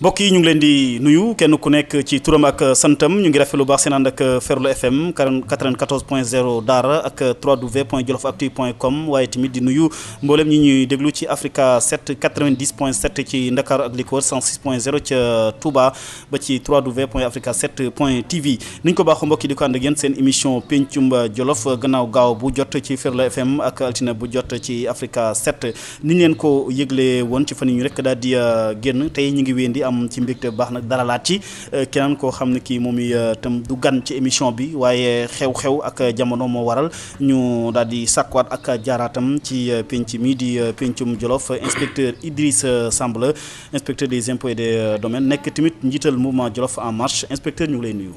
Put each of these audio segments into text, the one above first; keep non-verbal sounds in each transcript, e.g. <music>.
mbokk yi ñu ngi leen di nuyu kenn ku nekk ci turam ak santam ñu ngi rafetlu lu baax seen ànd ak Ferlo FM 94 point 0 Daara ak 3w point jolofactu point waaye tamit di nuyu mboolem ñi ñuy déglu ci Africa 7 90 point 7 ci Ndakaaru ak li ko wër 106 ca Touba ba ci 3w point Africa point TV ni ñu ko baaxoo mbokk yi di ko ànd ak yéen seen émission pencum jolof gannaaw gaaw bu jot ci Ferlo FM ak altine bu jot ci Africa 7 ni leen ko yëgle woon ci fan ñu rekk daal di uh, génn tey ñu ngi wéyandi. am ci mbégte baax nag dalalaat ci euh, keneen koo xam ne kii moom itam euh, du gan ci émission bi waaye xew-xew ak jamono moo waral ñu daal di sàkkuwaat ak jaaraatam ci euh, penc mi di pencum Jolof inspecteur Idriss Samb la inspecteur des impôts et des domaines nekk tamit njiital mouvement Jolof en march inspecteur ñu ngi lay nuyu.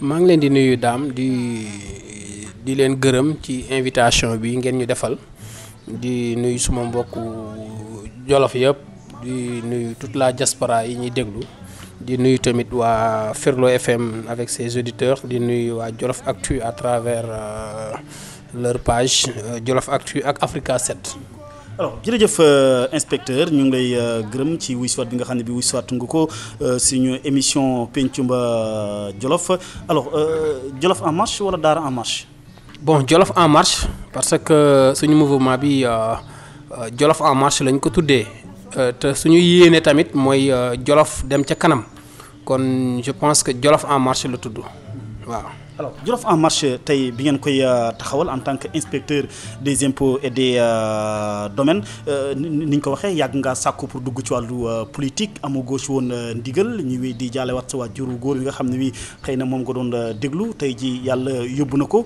maa ngi leen di nuyu daam di di leen gërëm ci invitation bi ngeen ñu defal di nuyu suma mbokku Jolof yëpp. di nuyu tout la diaspora yi ñuy déglu di nuyu tamit waa Ferlo FM avec ses auditeurs di nuyu waa Jolof Actu à travers euh, leur page euh, Jolof Actu ak Africa set alors jërëjëf euh, inspecteur ñu ngi lay gërëm ci wuy siwaat bi nga xam ne bi wuy siwaat nga ko suñu émission pencum Jolof alors Jolof en marche wala Daara en marche. bon Jolof en marche parce que suñu mouvement bi Jolof en marche lañ ko tuddee. Euh, te suñu yéene tamit mooy euh, Jolof dem ca kanam kon je pense que Jolof en marche la tudd waaw alors Diouf en marché tey bi ngeen koy euh, taxawal en tant que inspecteur des impôts et des euh, domaines euh, ni ñu ko waxee yàgg nga sàkku pour dugg ci wàllu politique amagoo si woon ndigal ñu wéy di jaale waat sa waajuru góor yi nga xam ne wi xëy na moom nga doon déglu tey ji yàlla yóbbu na ko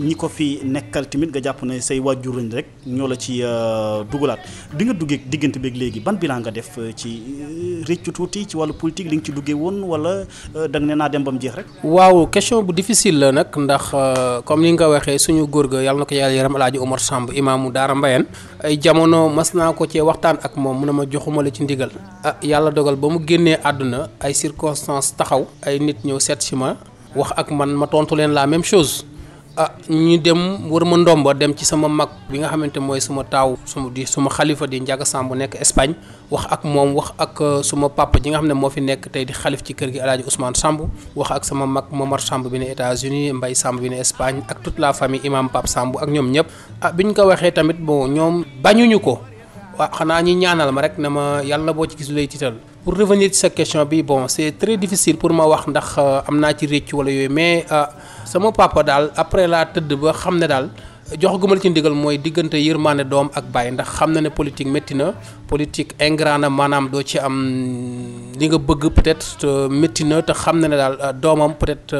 ñi ko fi nekkal tamit nga jàpp ne say waajur lañ rek ñoo la ci dugalaat bi nga duggeek diggante beeg léegi ban naa nga def ci rëccu tuuti ci wàllu politique li nga ci duggee woon wala da nga ne difficile la nag ndax euh, comme ni nga ko waxee suñu góor ga yàlla na ko yàlla yaram alaaji Omar Samb imaamu Daara Mbayeen ay jamono mas naa ko cee waxtaan ak moom mun a ma joxuma la ci ndigal ah yàlla dogal ba mu génnee àdduna ay circonstances taxaw ay nit ñëw seet ma wax ak man ma tontu leen la même chose ah ñu dem wër ma ndomba dem ci sama mag bi nga xamante mooy suma taaw suma di suma xalifa di Njaga Samb nekk Espagne wax ak moom wax ak ah, suma papa ji nga xam ne moo fi nekk tey di xalif ci kër gi El Hadj Ousmane Samb wax ak sama mag Momar Samb bi ne États-Unis mbay Samb bi ne Espagne ak toute la famille imam Pape Samb ak ñoom ñëpp ah bi ñu ko waxee tamit bon ñoom bañuñu ko. waaw xanaa ñu ñaanal ma rek na ma yàlla boo ci gis lay tiital pour revenir sa question bi bon c' est très difficile pour ma wax ndax euh, am naa ci réccu wala yooyu mais euh, sama papa daal après laa tëdd ba xam ne daal jox gumal ci ndigal mooy diggante yërmaane doom ak baay ndax xam na ne politique métti na politique ingrat na maanaam doo ci am li nga bëgg peut-être métti na te xam na ne daal euh, doomam peut-être.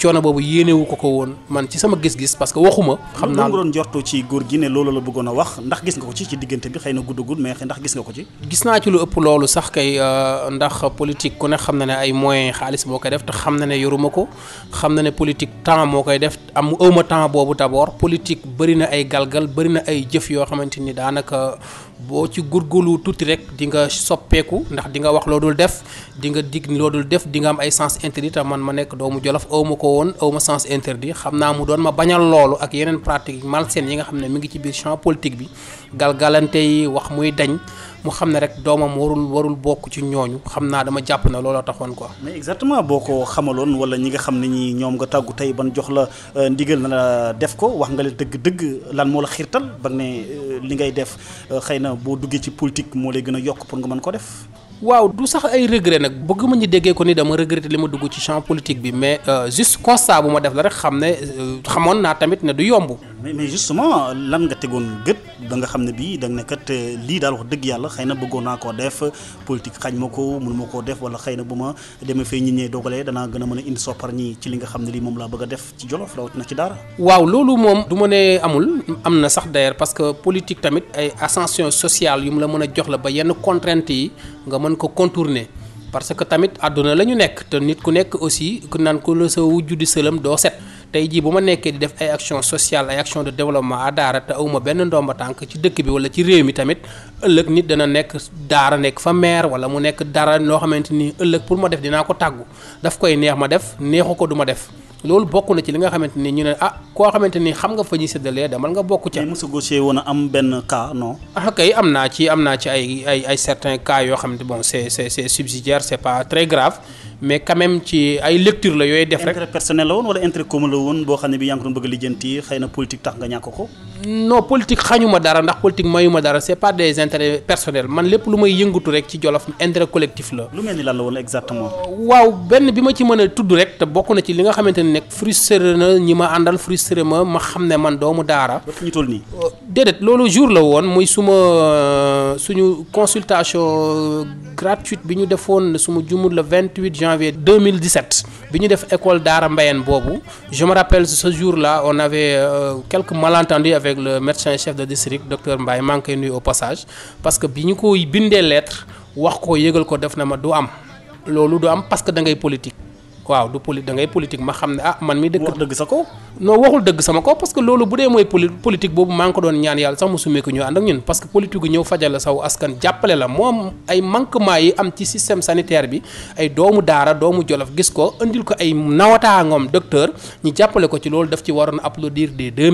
coono boobu yéenewu ko ko woon man ci sama gis-gis parce que waxuma xam naa lu nga doon ci góor gi ne loolu la bëggoon a wax ndax gis nga ko ci ci diggante bi xëy na guddagul mais ndax gis nga ko ci gis naa ci lu ëpp loolu sax kay euh, ndax politique ku ne xam na ne ay moyens xaalis moo koy def te xam na ne yoruma ko xam na ne politique temps moo koy def am ëwma temps boobu d'abord politique bëri na ay galgal bëri na ay jëf yoo xamante ni daanaka boo ci gurgulu tuuti rek di nga soppeeku ndax di nga wax loo dul def di nga dig loo dul def di nga am ay sens interdit te man ma nekk doomu jolof aw ma ko woon aw ma sens interdit xam naa mu doon ma bañal loolu ak yeneen pratique malsaine yi nga xam ne mu ngi ci biir champ politique bi galgalante yi wax muy dañ mu xam ne rek doomam warul warul bokk ci ñooñu xam naa dama jàpp ne looloo taxoon ko mais exactement boo ko xamaloon wala ñi nga xam ne ñi ñoom nga tàggu tey ban jox la euh, ndigal na la def ko wax nga leen dëgg-dëgg lan moo la xiirtal ba ne euh, li ngay def euh, xëy na boo duggee ci politique moo lay gën a yokk pour nga mën ko def. waaw du sax ay regret nag ma ñu déggee ko ni dama regretté li ma dugg ci champ politique bi mais euh, juste constat bu ma def la rek xam ne euh, xamoon naa tamit ne du yomb. mais mais justement lan nga tegoon gët ba nga xam ne bii da nga ne euh, lii daal dëgg yàlla xëy na bëggoon naa koo def politique xañ ma ko mun ma koo def wala xëy na bu ma demee fee ñit ñee dogalee danaa gën a mën a indi soppar ñi ci xam ne lii moom laa bëgg def ci Jolof rawatina ci dara. waaw loolu moom du ma ne amul am na sax d'ailleurs parce que politique tamit ay ascension sociale yu mu la mën a jox la ba yenn contraintes yi nga mën ko contourner parce que tamit àdduna la ñu nekk te nit ku nekk aussi ku naan ko la sa wujju di sëlam doo set tey jii bu ma nekkee di def ay action sociale ay action de développement à daara te awuma benn ndomba tànk ci dëkk bi wala ci réew mi tamit ëllëg nit dana nekk daara nekk fa maire wala mu nekk dara noo xamante ni ëllëg pour ma def dinaa ko tàggu daf koy neex ma def neexu ko duma def loolu bokk na ci li nga xamante ni ñu ne ah koo xamante ni xam nga fa ñuy séddalee demal nga bokk ca. mos a gaucher woon am benn cas non. ah kay am naa ci am naa ci ay ay ay certains cas yoo xamante bon c'est c'est c'est subsidiaire c'est pas très grave. mais quand ci ay lecture la yooyu def rek. intérêt personnel la woon wala intérêt commun la woon boo xam ne bi yaa bëgg a lijjanti xëy na politique tax nga ñàkk ko. non politique xañuma dara ndax politique mayuma dara c'est pas des intérêts personnels man lépp lu may yëngatu rek ci Jolof intérêt collectif la. waaw benn bi ma ci mën a tudd rek te bokk na ci li nga xamante ne nekk frustré na ñi ma àndal frustré ma ma xam ne man doomu daara. ba fi ñu toll janvier 2017 bi ñu def école daara mbayeen boobu je me rappelle ce jour la on avait euh, quelques malentendus avec le médecin chef de district docteur Mbaye maa ngi koy nuyu au passage parce que bi ñu ko bindee lettre wax ko yëgal ko def na ma du am loolu du am parce que da waaw du poli da ngay politique ma xam ne ah man mi dëkk dëgg sa ko non waxul dëgg sama ko parce que loolu bu dee mooy poli politique boobu maa ngi ko doon ñaan yàlla sax mu sumee ko ñëw ànd ak ñun parce que ñëw fajal la saw askan jàppale la moom ay manquement yi am ci système sanitaire bi ay doomu daara doomu jolof gis ko indil ko ay nawataa nawataangoom docteur ñu jàppale ko ci loolu daf ci waroon applaudir des deux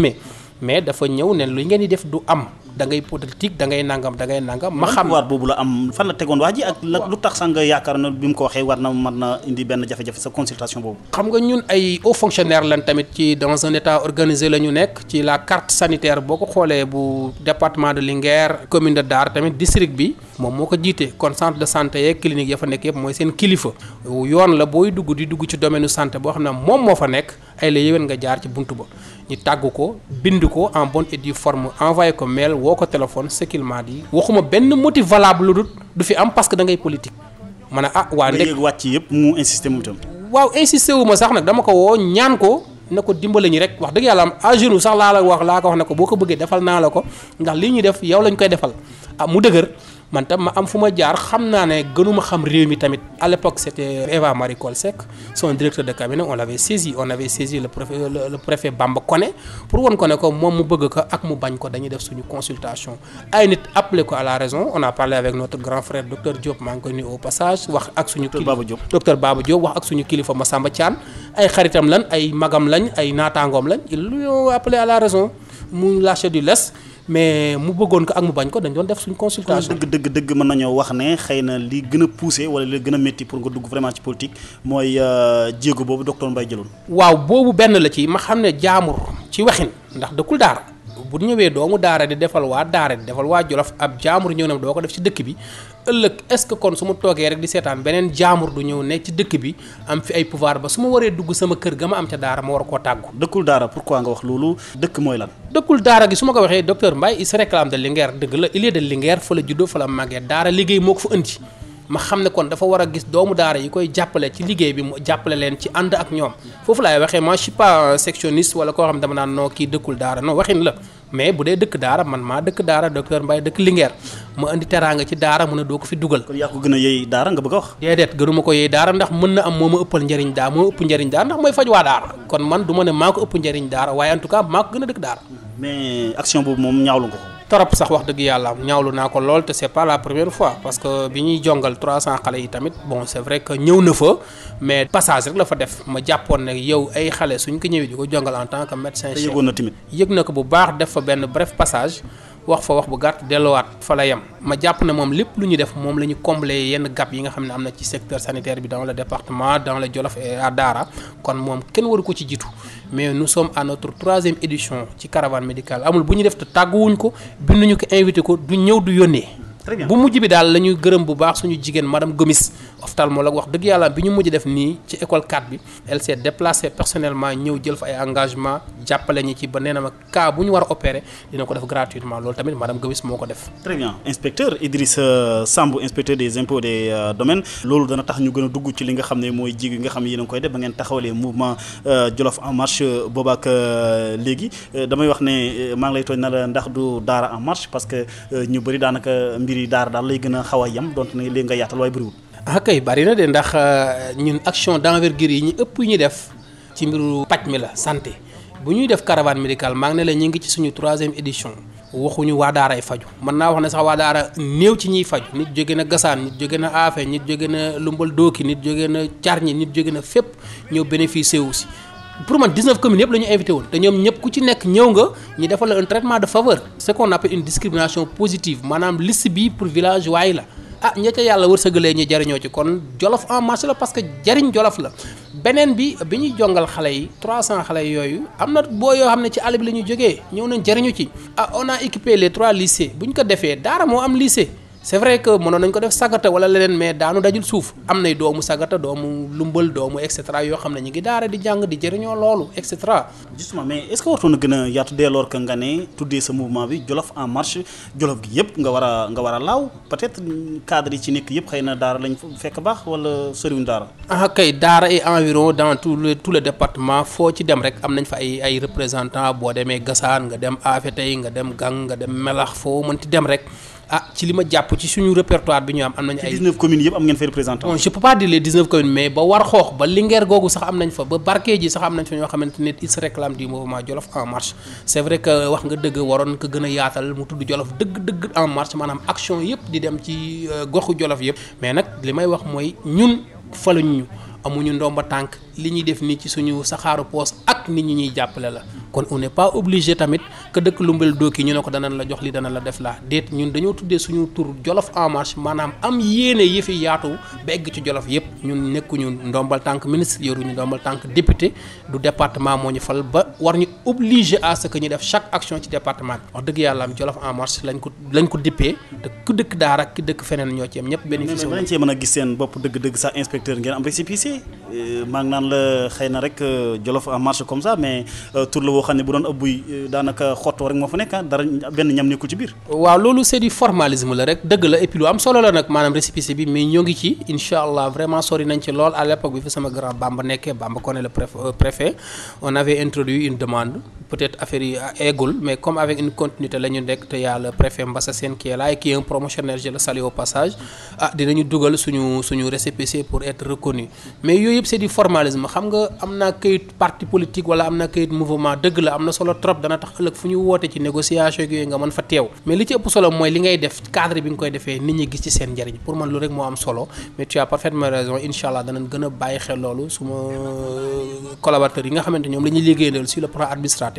mais dafa ñëw ne lu ngeen di def du am dangay ngay politique da ngay nangam dangay ngay nangam. ma xam waar boobu la am fan la tegoon wax ji ak. lu tax sax nga yaakaar na bi mu ko waxee war na mën na indi benn jafe-jafe sa consultation boobu. xam nga ñun ay hauts fonctionnaires lan tamit ci dans un état organisé la ñu nekk ci la carte sanitaire boo ko xoolee bu département de Linguère commune de Dar tamit district bi moom moo ko jiite kon centre de santé yeeg clinique ya fa nekk yëpp mooy seen kilifa yoon la booy dugg di dugg ci domaine santé boo xam ne moom moo fa nekk ay la nga jaar ci buntu ba ñu tàgg ko bind ko en bonne et due envoyé ko mail woo ko téléphone séculement yi waxuma benn motif valable lu dul du fi am parce que da ngay politique ma ne ah waa ndek wàcc yëpp mu insisté mu tam waaw insisté wu ma sax nag dama ko woo ñaan ko na ko dimbale ñi rek wax dëgg yàlla am agenu sax laa la wax laa ko wax ne ko boo ko bëggee defal naa la ko ndax li ñuy def yow lañ koy defal ah mu dëgër man tam ma am fu ma jaar xam naa ne gënuma xam réew mi tamit à l'époque c'était Eva Marie Coll Seck son directeur de cabinet on l'avait saisi on avait saisi le préfet Bamba Koné pour won ko ne ko moom mu bëgg ko ak mu bañ ko dañuy def suñu consultation ay nit appelé ko à la raison on a parlé avec notre grand frère docteur Diop maa ngi koy nuyu au passage wax ak suñu docteur Baba Diop wax ay xaritam lañ ay magam lañ ay naataangoom lañ ils l'ont appelé à la raison mu lâché du mais mu bëggoon ko ak mu bañ ko dañ doon def suñu consultation. dëgg dëgg dëgg mën nañoo wax ne xëy na li gën a poussé wala li gën a métti pour nga dugg vraiment ci politique mooy euh, jéego boobu docteur Mbaye jëloon. waaw boobu benn la ci ma xam ne jaamur ci waxin ndax dëkkul daar bu ñëwee doomu daara di defal waa daara di defal waa jolof ab jaamur ñëw ne doo ko def ci dëkk bi ëllëg est-ce que kon su ma toogee rek di seetaan beneen jaamur du ñëw ne ci dëkk bi am fi ay pouvoir ba su ma waree dugg sama kër ga ma am ca daara ma war koo tàggu. dëkkul daara pourquoi nga wax loolu dëkk mooy lan. dëkkul daara gi su ma ko waxee docteur Mbaye il se réclame de Linguère dëgg la il est de fa la juddoo fa la màggee daara liggéey moo ko fa ma xam ne kon dafa war a gis doomu daara yi koy jàppale ci liggéey bi mu jàppale leen ci ànd ak ñoom foofu laay waxee moi je sectionniste wala koo xam dama naan noo kii dëkkul daara non waxin la mais bu dee dëkk daara man maa dëkk daara docteur Mbaye dëkk Linguère ma indi teraanga ci daara mun a doo ko fi dugal. kon yaa ko gën a yëy daara nga bëgg a wax. déedéet gënuma ko yëy daara ndax mën na am moo ma ëppal njëriñ daara moo ëpp njëriñ daara ndax mooy faj waa daara kon man du ma ne maa ko ëpp njëriñ daara waaye en tout cas maa ko action boobu moom ñaawlu ko torop sax wax dëgg yàlla ñaawlu naa ko lool te c'est pas la première fois parce que bi ñuy jongal 300 xale yi tamit bon c'est vrai que ñëw na fa mais passage rek la fa def ma jàppoon ne yow ay xale suñ ko ñëwee di ko jongal en tant que médecin chef yëgoon na tamit yëg na ko bu baax def fa benn bref passage wax fa wax bu gàtt delluwaat fa la yem ma jàpp na moom lépp lu ñu def moom la ñu combler yenn gap yi nga xam ne am na ci secteur sanitaire bi dans la département dans la Jolof et Daara kon moom kenn waru ko ci jiitu mais nu sommes à notre troisième édition ci caravane médicale amul bu ñu def te tàgguwuñ ko binduñu ko invité ko du ñëw du yónnee. très bien bu mujj bi daal la ñuy gërëm bu baax suñu jigéen madame Gomis ophtalmologue wax dëgg yàlla bi ñu mujj def nii ci école 4 bi elle s'est personnellement ñëw jël fa ay engagement jàppale ba nee na ma cas bu ñu war ko def gratuitement loolu tamit madame Gomis moo ko def. très bien inspecteur Idrissa Samb inspecteur des impôts des euh, domaines loolu dana tax ñu gën a dugg ci li nga xam ne mooy jig yi nga xam ne yéen a koy def ba euh, euh, ne maa ngi lay tooñ ndax du daara en marche parce que ñu daanaka mbir mbiri daara daal lay gën a xaw a yem donte ne léegi nga yaatal waaye bëriwul. ah kay bari na de ndax euh, ñun action d'envergure yi ñu ëpp ñu def ci mbiru paj mi la santé bu ñuy def caravane médicale maa ngi ne la ñu ngi ci suñu troisième édition. waxuñu waa daaray faju mën naa wax ne sax waa daara néew ci ñiy faju nit jóge na gasaan nit jóge na aafe nit jóge na lumbal dooki nit jóge na carñi nit jóge na fépp ñëw bénéficié si pour man 19 communes yëpp la ñu invité woon te ñoom ñëpp ku ci nekk ñëw nga ñu defal la un traitement de faveur ce qu'on une discrimination positive maanaam liste bi pour village waaye la ah ña ca yàlla wërsëgalee ñu jariñoo ci kon jolof en marche la parce que jariñ jolof la beneen bi bi ñuy jongal xale yi 300 xale yooyu am na boo yoo xam ne ci àll bi la ñuy jógee ñëw nañ jariñu ci ah on a équipé les trois lycées bu ñu ko defee daara moo am lycée c'est vrai que mënoon nañ ko def sagata wala leneen mais daanu dajul suuf am nay doomu sagata doomu lumbal doomu et cetera yoo xam ne ñu ngi daara di jàng di jëriñoo loolu et cetera. justement mais est-ce que wartoon na gën a yaatu dès lors que nga ne tuddee sa mouvement bi Jolof en marché Jolof gi yëpp nga war a nga war a laaw peut-être cadre yi ci nekk yëpp xëy na daara lañ fekk baax wala soriwuñ daara. ah kay daara et environ dans tout le tout le département foo ci dem rek am nañ fa ay ay représentants boo demee Gassane nga dem Afete nga dem Gang nga dem Melax foo mënti dem rek. ah ci li ma jàpp ci suñu répertoire bi ñu am am nañu ay. 19 communes yëpp am ngeen fay représentant. bon je peux pas dire les 19 communes mais ba war xoox ba Linguère googu sax am nañ fa ba Barké ji sax am nañ fa ñoo xamante ne il se réclame du mouvement Jolof en marche c' est vrai que wax nga dëgg waroon ko gën a yaatal mu tudd Jolof dëgg-dëgg en marche maanaam action yëpp di dem ci euh, goxu Jolof yëpp mais nag li may wax mooy ñun faluñ ñu amuñu ndomba tànk. li ñuy def nii ci suñu saxaaru poos ak nit ñi ñuy jàppale la kon on n'est pas obligé tamit que dëkk Lumbel Dooki ñu ne ko danañ la jox li dana la def la déet ñun dañoo tuddee suñu tur Jolof en marche maanaam am yéene yi fi yaatu ba egg ci Jolof yépp ñun nekkuñu ndombal tànk ministre yoruñu ndombal tànk député du département moo ñu fal ba war ñu obligé à ce ñu def chaque action ci département bi wax dëgg yàlla am Jolof en marche lañ ko lañ ko dippee te dëkk daara ak dëkk feneen ñoo ci am ñëpp bénéfice mën a gis seen bopp dëgg-dëgg sax inspecteur ngeen am récépissé euh, naan la xëy na rek euh, Jolof en marche comme ça mais euh, tur la boo xam ne bu doon ëbbuy euh, daanaka xottoo rek moo fa nekk ah, dara benn ñam nekkul ci biir. waaw loolu c'est du formalisme la rek dëgg la et am solo la nag maanaam récépissé bi mais ñoo ngi ci incha allah vraiment sori nañ ci lool à l'époque bi fi sama grand Bamba nekkee Bamba Koné le préfet on avait introduit une demande. peut-être affaire yi eggul mais comme avec une continuité la ñu nekk te y'a le préfet Mbassa Sène qui est là et qui est un promotionnaire passage ah dinañu dugal suñu suñu récépissé pour être reconnu mais yooyu yëpp c'est du formalisme xam nga am na kayit parti politique wala am na kayit mouvement dëgg la am na solo trop dana tax ëllëg fu ñu woote ci négociation yooyu nga mën fa teew mais li ci ëpp solo mooy li ngay def cadre bi nga koy defee nit ñi gis ci seen pour man lu rek moo solo mais tu as parfaitement raison incha gën a bàyyi loolu suma euh, collaborateurs yi xamante ñoom la ñuy liggéeyal sur le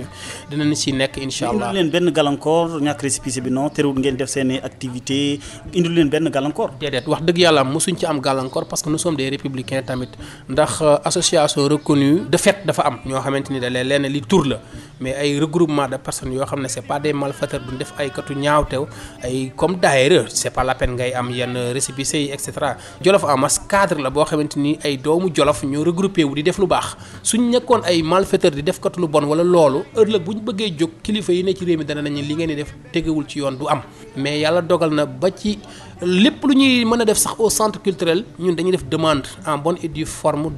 administrative dinañ si nekk incha allah. leen benn gàllankoor ñàkk bi non terewul ngeen def seen activité indil leen benn gàllankoor. déedéet wax dëgg yàlla mosuñ ci am gàllankoor parce que nous sommes des républicains tamit ndax euh, association reconnue de fait dafa am ñoo xamante ni da leen li tur la mais ay regroupement de personnes yoo xam ne c'est pas des malfaiteurs duñ def ay katu ñaawteew ay comme daayira c'est pas la ngay am yenn récépissé yi et cetera Jolof Amas cadre la boo xamante ni ay doomu Jolof ñoo regroupé wu di def lu baax suñ nekkoon ay malfaiteurs di def katu lu bon wala loolu ëllëg bu ñu bëggee jóg kilifa yi ne ci réew mi dana nañu li ngeen di def tegewul ci yoon du am mais yàlla dogal na ba ci lépp lu ñuy mën a def sax au centre culturel ñun dañuy def demande en bonne et due forme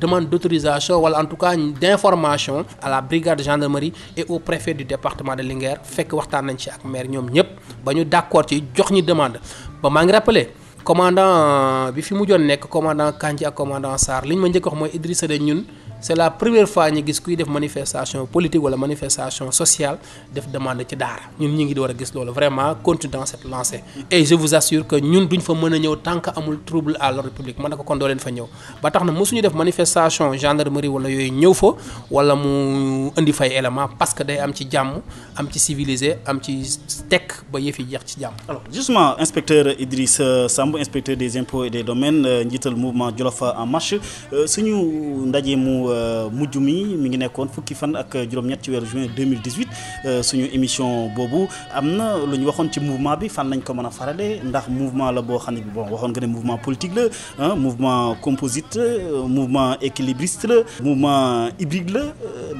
demande d'autorisation wala en tout cas d'information à la brigade gendarmerie et au préfet du département de Linguère fekk waxtaan nañ ci ak maire ñoom ñëpp ba ñu d'accord ci jox ñi demande ba maa ngi rappelé commandant bi fi mu mujjoon nekk commandant Kandji commandant Sarr li ñu ma njëkk mooy Idrissa de ñun c' est la première fois ñu gis kuy def manifestation politique wala manifestation sociale def demande ci daara ñun ñu ngi war a gis loolu vraiment continue dans cette lancée. et je vous assure que ñun duñ fa mën a ñëw tant amul trouble à l'ordre public mën na ko kon doo leen fa ñëw ba tax na mosuñu def manifestation gendarmerie wala yooyu ñëw fa wala mu indi fay élément parce que day am ci jàmm am ci civilisé am ci tekk ba yëf yi jeex ci jàmm. alors justement inspecteur Idriss Samb inspecteur des impôts et des domaines euh, njiital mouvement en marche euh, suñu ndaje mu. Euh, Euh, mujj mi mi ngi nekkoon fukki fan ak juróom-ñett ci weeru juin 2018 euh, suñu émission boobu am na lu ñu waxoon ci mouvement bi fan lañ ko mën a farale ndax mouvement la boo xam ne bi bon waxoon nga ne mouvement politique la mouvement composite euh, mouvement équilibriste la mouvement hybride la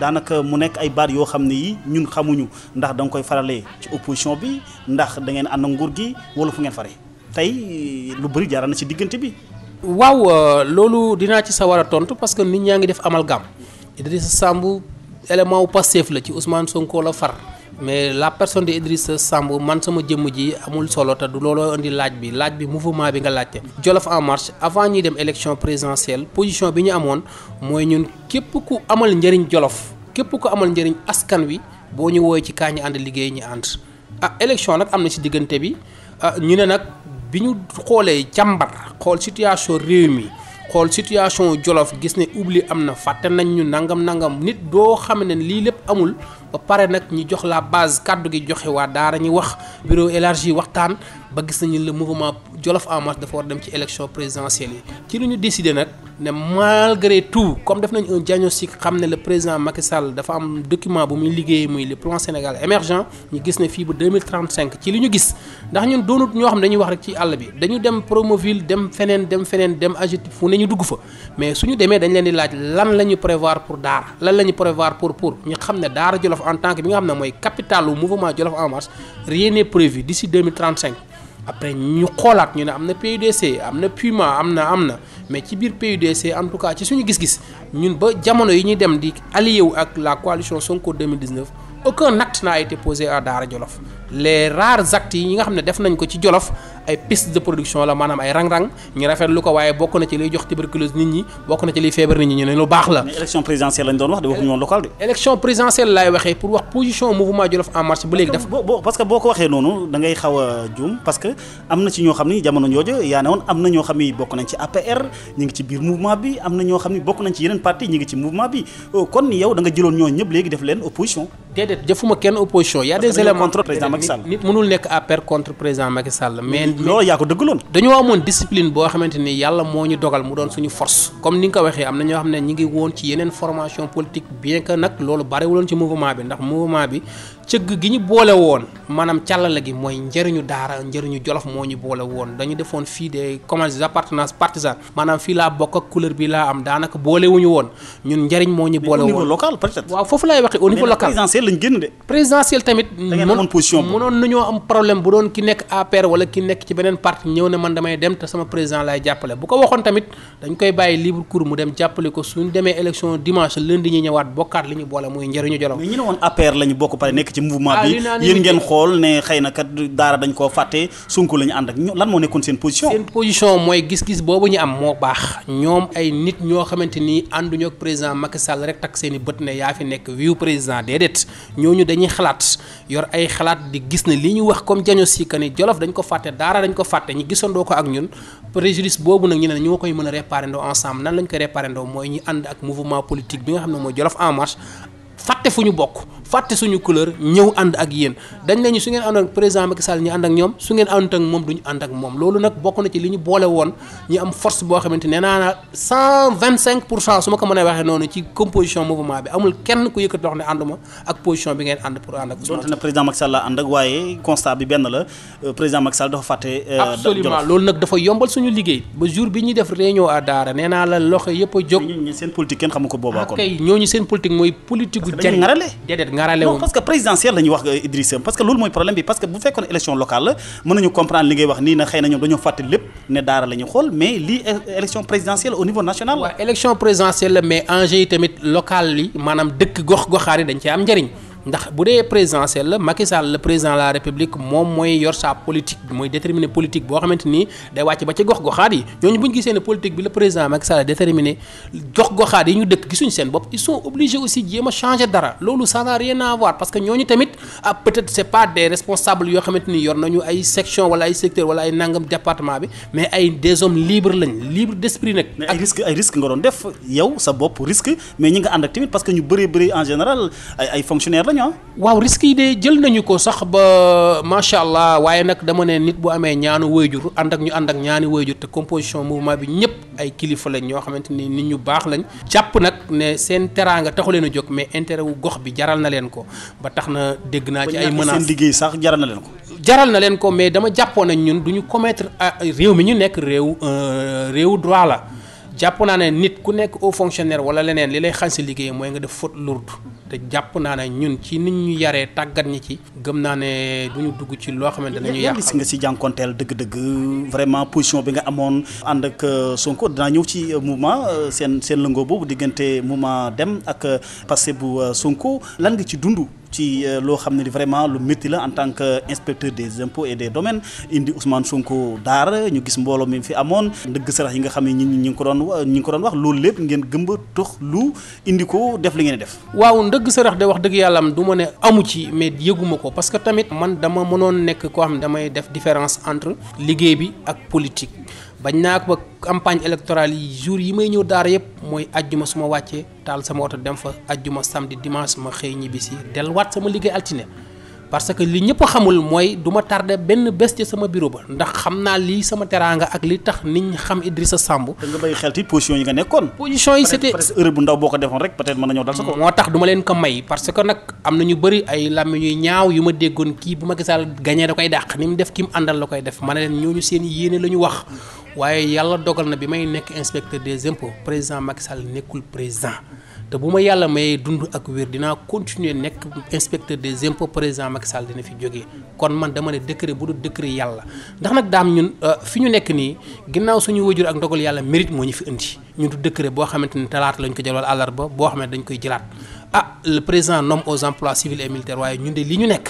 daanaka mu nekk ay baat yoo xam ne yi ñun xamuñu ndax da nga koy faralee ci opposition bi ndax da ngeen ànd nguur gi wala fu ngeen fare tey lu bëri jaara na ci diggante bi waaw euh, loolu dinaa ci sa war a tontu parce que nit ñaa ngi def amalgame Idrissa Samb élément wu Pastef la ci Ousmane Sonko la far mais la personne de Idrissa Samb man sama jëmm ji amul solo te du looloo indi laaj bi laaj bi mouvement bi nga laajte. Jolof en marche avant ñuy dem élection présidentielle position bi ñu amoon mooy ñun képp ku amal njëriñ Jolof képp ku amal njëriñ askan wi boo ñu woowee ci kaa ñu ànd liggéey ñu ànd ah élection nag am na ci diggante bi ah ñu ne nag. bi ñu xoolee càmbar xool situation réew mi xool situation jolof gis ne ubli am na fàtte nañ ñu nangam nangam nit doo xam ne lii lépp amul ba pare nag ñu jox la base kàddu gi joxe waa daara ñu wax bureau élargi waxtaan ba gis nañu le mouvement Jolof en marche dafa war dem ci élection présidentielle yi ci lu ñu décidé nag ne malgré tout comme def nañ un diagnostic xam ne le président Macky Sall dafa am document bu muy liggéey muy le plan Sénégal émergent ñu gis ne fii ba 2035 ci li ñu gis ndax ñun doonut ñoo xam ne dañuy wax rek ci àll bi dañu dem Promoville dem feneen dem feneen dem agit fu ne ñu dugg fa mais suñu demee dañ leen di laaj lan la ñu prévoir pour daara lan la ñu prévoir pour pour en tant que bi nga xam ne mooy capitale u mouvement Jolof en marche rien n'est prévu d'ici 2035 après ñu xoolaat ñu ne am na PUDC am na PUMA am na am na mais ci biir PUDC en tout cas ci suñu gis-gis ñun ba jamono yi ñuy dem di allié wu ak la coalition Sonko 2019 aucun acte n'a été posé à Daara Jolof les rares actes yi nga xam ne def nañ ko ci Jolof ay piste de production la maanaam ay rang-rang ñu rafetlu ko waaye bokk na ci liy jox tuberculose nit ñi bokk na ci liy feebar nit ñi lu baax la. mais présidentielle lañ doon wax de waxuñu woon local de. élection présidentielle laay waxee pour wax position mouvement Jolof en marche ba léegi dafa. parce que boo ko waxee noonu da ngay xaw a juum parce que am na ci ñoo xam ni jamono jooju yaa ne woon am na ñoo xam ni bokk nañ ci APR ñu ngi ci na ñoo xam ni bokk nañ ci yeneen parti ñu ngi ci mouvement bi euh, loolu yaa ko dëggaloon dañoo amoon discipline boo xamante ni yàlla moo ñu dogal mu doon suñu force comme ni nga ko waxee am na ñoo xam ne ñu ngi woon ci yeneen formation politique bien que nag loolu barewuloon ci mouvement bi ndax mouvement bi cëgg gi ñu boole woon maanaam càllale gi mooy njëriñu daara njariñu jolof moo ñu boole woon dañu defoon fii des comment des appartenances partisanes maanaam fii laa bokk ak couleur bi laa am daanaka boole wuñu woon ñun njëriñ moo ñu boole woon au niveau local peut-être waaw foofu laay waxee au niveau local présidentiel lañ génn nañoo am problème bu doon ki nekk APR wala ki nekk ci beneen parti ñëw ne man damay dem te sama président laay jàppale bu ko waxoon tamit dañ koy bàyyi libre cours mu dem jàppale ko suñ demee élection dimanche lundi ñu ñëwaat bokkaat li ñu boole muy njëriñu ci mouvement bi ah, yéen ngeen xool ne xëy na kat daara dañ koo fàtte Sonko la ànd ak lan moo nekkoon seen position seen mooy gis-gis boobu ñu am moo baax ñoom ay nit ñoo xamante ni ànduñu ak président Sall rek tak seen bët ne yaa fi nekk wiiw président déedéet ñooñu dañuy xalaat yor ay xalaat di gis ne li ñu wax comme jaño si que ni Jolof dañ ko fàtte daara dañ ko ñu gisandoo ko ak ñun préjudice ñu ne ñoo koy a réparé ndoo ensemble nan lañ koy réparé ndoo mooy ñu ànd ak mouvement politique bi nga xam ne mooy Jolof en marche fàtte fu ñu bokk fàtte suñu couleur ñëw ànd ak yéen dañ ne ñu su ngeen ànd ak président Macky Sall ànd ak ñoom su ngeen ànd ak moom du ànd ak moom loolu nag bokk na ci li ñu boole woon ñu am force boo xamante nee naa cent vingt cinq pour cent su ma ko kenn ku yëkkat wax ne euh, euh, loolu nag dafa yombal suñu liggéey ba jour bi ñuy def réunion à nee naa la loxo yëpp a jóg seen politique kenn xamu ko boobaa ah, kon kay ñooñu seen politique mooy politique dañuy ngarale déedéet ngarale non parce que présidentielle la ñuy wax euh, Idrissa parce que loolu mooy problème bi parce que bu fekkoon élection locale la mën nañu comprendre li ngay wax nii na xëy ñoom dañoo fàtte lépp ne daara la xool mais lii élection présidentielle au niveau national waaw élection présidentielle mais enjeu yi tamit local yi maanaam dëkk gox goxaar yi dañ cee am njëriñ ndax bu dee présidentielle la Macky Sall le président de la république moom mooy yor sa politique mooy déterminer politique boo xamante ni day wàcc ba ci gox-goxaat yi ñooñu bu ñu gisee ne politique bi le président Macky Sall déterminé gox-goxaat yi ñu dëkk gisuñu seen bopp ils sont obligés aussi jéem a changer dara loolu ça n'a rien à voir parce que ñooñu tamit ah peut-être c'est pas des responsables yoo xamante ni yor nañu ay section wala ay secteur wala ay nangam ay des hommes libres lañ libre d'esprit nag. mais ay ay risque nga doon def yow sa bopp risque mais ñi nga ñu bëree bëri en général ay lañu ah? waaw risques yi de jël nañu ko sax ba macha allah waaye nag dama ne nit bu amee ñaanu wayjur ànd ak ñu ànd ak ñaani wayjur te composition mouvement bi ñëpp ay kilifa lañ ñoo xamante ni nit ñu baax lañ. jàpp nag ne seen taxu leen a jóg mais intérêt wu gox bi jaral na leen ko ba tax na dégg naa ci ay menaces seen liggéey sax jaral na leen ko. jaral na leen ko mais dama jàppoon nañ ñun du ñu commettre ah, réew mi ñu nekk réew euh, réewu droit la jàpp naa ne nit ku nekk au fonctionnaire wala leneen li lay xañ sa liggéey mooy nga def faute lourde. te jàpp naa ne ñun ci nit ñu yaree tàggat ñi ci gëm naa ne du ñu dugg ci loo xamante ne ñu yàq si nga si jànkonteel dëgg-dëgg vraiment position bi nga amoon ànd ak euh, Sonko dinaa ñëw ci euh, mouvement euh, seen seen lëngoo boobu diggante mouvement dem ak passé bu sunko lan nga ci dund ci euh, loo xam ne ni vraiment lu métti la en tant que inspecteur des impôts et des domaines indi Ousmane Sonko daara ñu gis mbooloo mi fi amoon ndëgg sarax yi nga xam ne ñi ñi ngi ko doon ñi ngi ko doon wax loolu lépp ngeen gëmba tox lu indi ko def li ngeen def waaw ndëgg sarax de wax dëgg yàlla am du ma ne amu ci mais yëguma ko parce que tamit man dama mënoon nekk koo xam ne damay def différence entre liggéey bi ak politique bañ naa ko ba campagne électorale yi jour yi may ñëw daara yëpp mooy ajjuma su ma wàccee taal sama oto dem fa ajjuma samedi dimanche ma xëy ñibbisi delluwaat sama liggéey altine parce que li ñëpp xamul mooy du ma tardé benn bés ci sama bureau ba ndax xam naa lii sama teraanga ak li tax nit ñi xam Idrissa Samb. te nga bàyyi xel ci position yi nga nekkoon. position yi c'était erreur bu ndaw boo ko defoon rek peut-être ko. moo tax du ma leen ko may parce que nag am na ñu bëri ay làmmiñ ñaaw yu ma déggoon kii bu ma gisaal gañee da koy dàq ni mu def ki mu àndal la koy def ma ne leen ñooñu seen yéene la ñu wax waaye yàlla dogal na bi may nekk inspecteur des impôts président Macky Sall nekkul président. te bu ma yàlla may dund ak wér dinaa continuer nekk inspecteur des impôts président Macky Sall dina fi jógee kon man dama ne décret bu du décret yàlla ndax nag daam ñun euh, fi ñu nekk nii ginnaaw su suñu wajur ak ndogal yàlla mérite moo ñu fi indi ñun du décret boo xamante ni talaata lañ ko jël wala àllarba boo xamante dañ koy jëlaat ah le président nomme aux emplois civils et militaires waaye ñun de li ñu nekk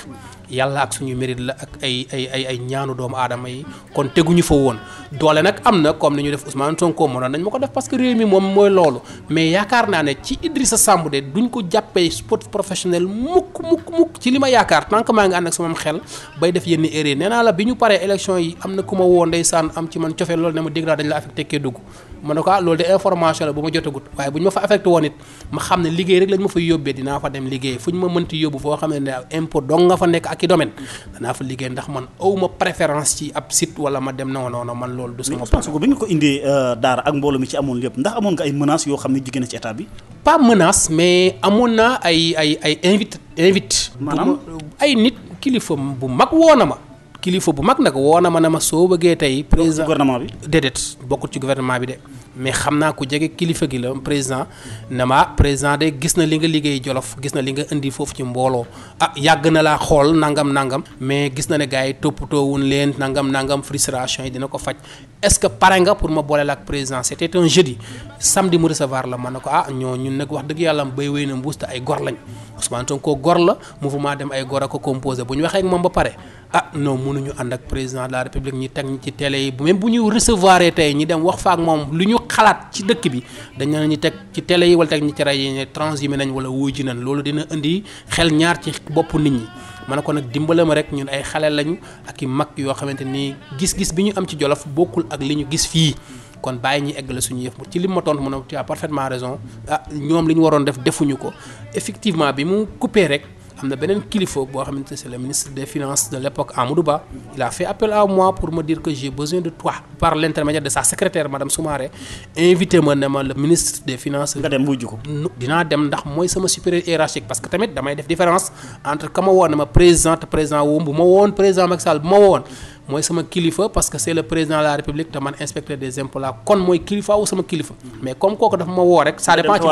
yàlla ak suñu mérite la ak ay ay ay ay ñaanu doomu aadama yi kon teguñu fa woon doole nag am na comme ni ñu def Ousmane Sonko mënoon nañ ma ko def parce que réew mi moom mooy loolu mais yaakaar naa ne ci Idrissa Samb de duñ ko jàppee sport professionnel mukk mukk mukk ci li ma yaakaar tant que maa ngi ànd ak sama xel bay def yenn erreur nee naa la bi ñu paree élection yi am na ku ma woo ndeysaan am ci man cofe loolu ne ma dégg naa dañ la affecté kee ma ne ko ah loolu de information la bu ma jotagut waaye bu ñu ma fa affecté woon it ma xam ne liggéey rek lañ ma fay yóbbee dinaa fa dem liggéey fu ñu ma mënti yóbbu foo xam ne impôt fa nekk ak i domaine danaa fa ndax man aw ma préférence ci ab site wala ma dem non non man loolu du sama parce que bi nga ko indee euh, daara ak mbooloo mi ci amoon lépp ndax amoon nga ay menaces yoo xam ne jigéen ci état bi pas menace mais amoon naa ay ay ay invite invite maanaam ay nit kilifa bu mag woona ma kilifa bu mag nag woo na ma na ma soo bëggee tey. président gouvernement bi déedéet bokkul ci gouvernement bi de. mais xam naa ku jege kilifa gi la président ne ma président de gis na li nga liggéey Jolof gis na li nga indi foofu ci mbooloo ah yàgg na laa xool nangam nangam mais gis na ne gars yi toppatoowuñ leen nangam nangam frustration yi dina ko faj est-ce que pare nga pour ma booleel ak président c'était un jeudi samedi mu recevoir la man ne ko ah ñoo ñun nag wax dëgg yàlla béy wéy na mbuus te ay gor lañ Ousmane Sonko gor la mouvement dem ay gor a ko composé bu ñu waxee ak moom ba pare ah non mënuñu ànd ak président de la république ñi teg ci télé bu ñu recevoir tey ñi dem xalaat ci dëkk bi dañ ne ñu teg ci télé yi wala teg ñi cere rajo yi ne nañ wala wuuji nañ loolu dina indi xel ñaar ci boppu nit ñi ma ne ko nag dimbale ma rek ñun ay xale lañu ak i mag yoo xamante ni gis-gis bi ñu am ci jolof bokkul ak li ñu gis fii kon bàyyi ñuy eggale suñu yëf ci lim ma tontu mun ne tu as parfaitement raison ah ñoom li ñu waroon def defuñu ko effectivement bi mu coupé rek. am na beneen kilifa boo xamante c'est le ministre des finances de l'époque Amadou Ba il a fait appel à moi pour me dire que j'ai besoin de toi par l'intermédiaire de sa secrétaire madame Soumaré invité ma ne ma le ministre des finances nga dem ndax mooy sama supérieur hiérarchique parce que tamit damay def différence entre ka a woon ne ma président te président woom bu ma woon président Macky bu ma woon mooy sama kilifa parce que c'est le président de la république te man kilifa wu sama kilifa mais ma woo rek ça dépend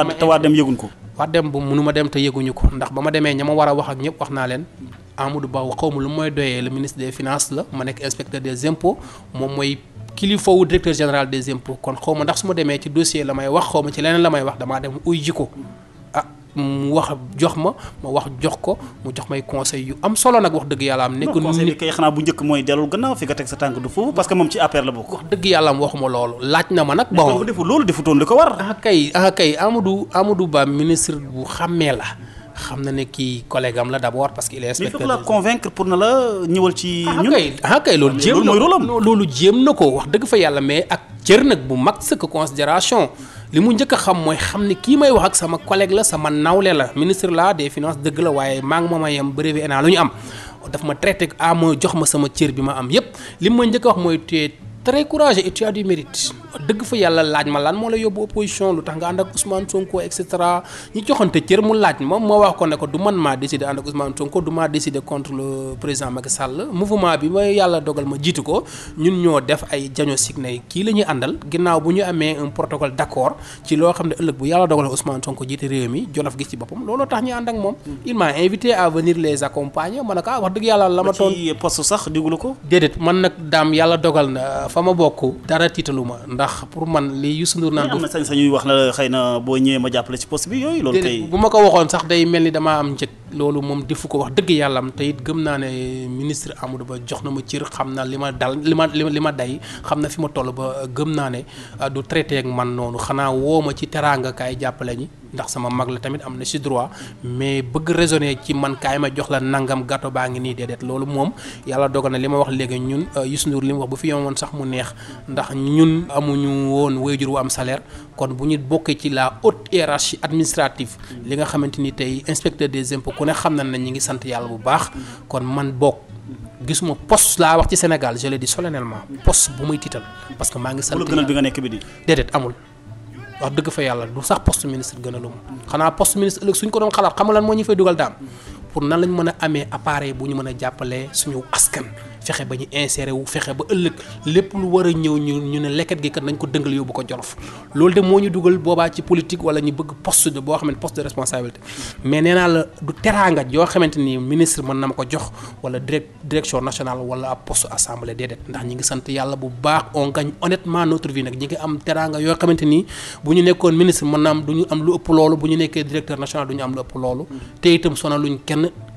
ci ko wax dem bu mënu ma dem te yëguñu ko ndax ba ma demee ña ma war a wax ak ñëpp wax naa leen Amadou Ba xaw ma lu may doyee le ministre des finances la ma nekk inspecteur des impôts moom mooy kilifa wu directeur général des impôts kon xaw ma ndax su ma demee ci dossier la may wax xaw ma ci leneen la may wax damaa dem uy ji ko mu wax jox ma ma wax jox ko mu jox may conseil yu am solo nag wax dëgg yàlla am nekk conseil bi kay xanaa bu njëkk mooy dellul gannaaw fi nga teg sa tànk du foofu parce que moom ci APR la bokk wax dëgg laaj na ma nag bon loolu defutoon li ko war ah kay ah kay Amadou Amadou ministre bu xàmmee la xam na ne kii collègue am la d'abord parce qu'il est inspecteur mais il faut la convaincre pour na la ñëwal ci ah, ah, loolu jéem na loolu wax dëgg fa yàlla mais ak cër nag bu mag sëkk considération li mu njëkk xam mooy xam ni kii may wax ak sama collègue la sama nawle la ministre la des finance dëgg la waaye maa ngi mooma yem brevi ENA lu ñu am daf ma traité ah ma jox ma sama cër bi ma am yépp li mu ma njëkk a wax mooy très courageux et tu as du mérite dëgg fa yàlla laaj ma lan moo la yóbbu opposition lu tax nga ànd ak Ousmane Sonko et cetera ñu joxante cër mu laaj ma ma wax ko ne ko du man ma décidé ànd ak Ousmane Sonko du maa décidé contre le président Macky Sall mouvement bi ma yàlla dogal ma jiitu ko ñun ñoo def ay diagnostic ne kii la ñuy àndal ginnaaw bu ñu amee un protocole d' accord ci loo xam ne ëllëg bu yàlla dogal Ousmane Sonko jiite réew mi jolof gi ci boppam looloo tax ñu ànd ak moom. il m'a invité à venir les accompagner ma ne ko ah wax dëgg yàlla la ma. toon ci poste sax diglu ko. déedéet man nag daam yàlla dogal na fa ma bokk dara tiitalu ma ndax pour man li Youssou Ndour naan am na sañ sañuy wax na xëy na boo ñëwee ma jàppale ci poste bi yooyu loolu tey bu ma ko waxoon sax day mel ni damaa am njëg loolu moom defu ko wax dëgg yàllam am gëm naa ne ministre Amadou Ba jox na ma cër xam na li ma dal li ma li ma day xam na fi ma toll ba gëm naa ne ah, du traité ak man noonu xanaa woo ma ci teraangukaay kaay jàppale ñi ndax sama mag la tamit am na si droit mais bëgg raisonné ci man kaay ma jox la nangam gâteau baa ngi nii déedéet loolu moom yàlla dogal na li ma wax léegi ñun euh, Youssou Ndour li mu wax bu fi yemoon sax mu neex ndax ñun amuñu woon waajur wu am salaire kon bu ñu bokkee ci la haute hiérarchie administrative li nga xamante ni tey inspecteur des impôts ku ne xam na ne ñu ngi sant yàlla bu baax kon man bokk gisuma poste laa wax ci Sénégal je le dis solennellement poste bu muy tiital parce que maa ngi sant. bi nga wax dëgg fa yàlla du sax poste ministre a lum xanaa poste ministre ëllëg ko doon xalaat xam lan moo ñu fay dugal daam pour nan lañ mën a amee appareil bu ñu mën a jàppalee suñu askan fexe ba ñu insérer wu fexe ba ëllëg lépp lu war ñëw ñu ñu ne lekkat gi kat nañ ko dëngal yóbbu ko Jolof loolu de moo ñu dugal boobaa ci politique wala ñu bëgg poste de boo xam ne poste de responsabilité mais nee naa la du teraanga yoo xamante ni ministre mën na ko jox wala direct direction nationale wala ab poste assemblée déedéet ndax ñi ngi sant yàlla bu baax on gagne honnêtement notre vie nag ñi ngi am teraanga yoo xamante ni bu ñu nekkoon ministre mën na am du ñu am lu ëpp loolu bu ñu nekkee directeur national du ñu am lu loolu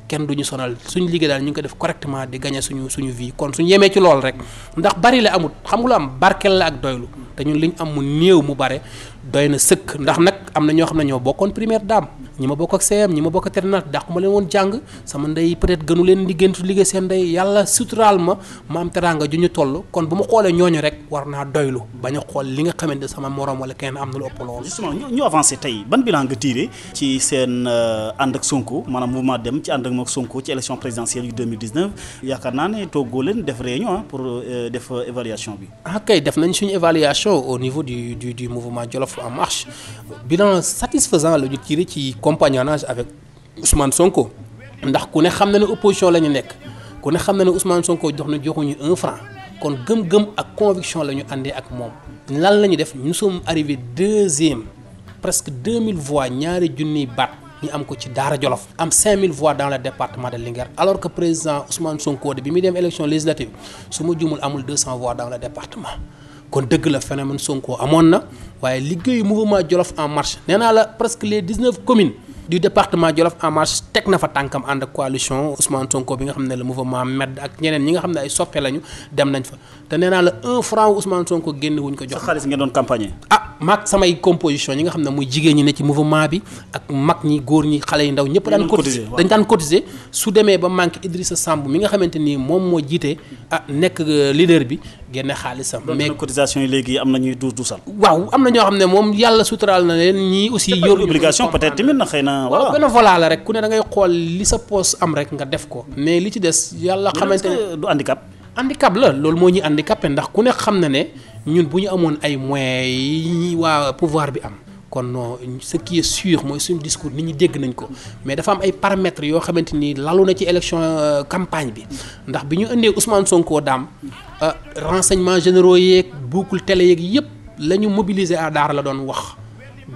kenn du ñu sonal suñu liggéey daal ñu ngi ko def correctement di gagné suñu suñu vie kon suñu yemee ci lool rek ndax bari la amut xam am barkeel la ak doylu te ñun li ñu am mu néew mu bare doy na sëkk ndax nag am na ñoo xam ne ñoo bokkoon première dame ñi ma bokk ak CM ñi ma bokk ak terminal ma leen woon jàng sama ndey peut-être leen di liggéey seen ndey yàlla suturaal ma ma am teraanga ju ñu toll kon bu ma xoolee ñooñu rek war naa doylu bañ a xool li nga xamante ne sama morom wala kenn am na lu ëpp loolu. justement ñu avancé tey ban bilan nga tiré ci seen euh, ànd ak Sonko maanaam mouvement dem ci ànd ak moom Sonko ci élection présidentielle yu 2019 yaakaar naa ne euh, euh, bi. ah kay offre en marche bilan satisfaisant la ñu tiré ci compagnonnage avec Ousmane Sonko ndax ku ne xam na ne opposition la ñu nekk ku ne xam na ne Ousmane Sonko jox na joxuñu un franc kon gëm-gëm ak conviction lañu ñu àndee ak moom lan la ñu def nous sommes arrivés deuxième presque 2000 voix ñaari junniy baat ñu am ko ci Daara Jolof am 5000 voix dans le département de Linguère alors que président Ousmane Sonko de bi muy dem élection législative su ma jumul amul 200 voix dans le département kon dëgg la phénomène Sonko amoon na waaye liggéeyu mouvement Jolof en marche nee naa la presque les dix-neuf communes du département Jolof en marche teg na fa tànkam ànd coalition Ousmane Sonko bi nga xam ne le mouvement MED ak ñeneen ñi nga xam ne ay soppe lañu dem nañ fa te nee la un franc Ousmane Sonko génn ko jox. sa xaalis ah samay composition ñi nga xam ne muy jigéen ñi ne ci mouvement bi ak mag ñi góor ñi xale yi ndaw ñëpp daan cotiser su demee ba manqué Idrissa Samb mi nga xamante ni moom moo jiite ah nekk euh, leader bi génne xaalisam. mais am na ñuy duus duusal. waaw voilà benn voilà la rek ku ne da ngay xool li sa poos am rek nga def ko mais li ci des yàlla xamante ne du handicap handicap la loolu moo ñuy handicapé ndax ku ne xam na ne ñun bu ñu amoon ay moyens yi waa pouvoir bi am kon non sa qui est sûr mooy suñu discours nit ñi dégg nañ ko mais dafa am ay paramètres yoo xamante nii lalu na ci élection euh, campagne bi ndax bi ñu indee Ousmane Sonko daam euh, renseignements généraux yeeg boucle télé yeeg yëpp la ñu mobiliser à Daara la doon wax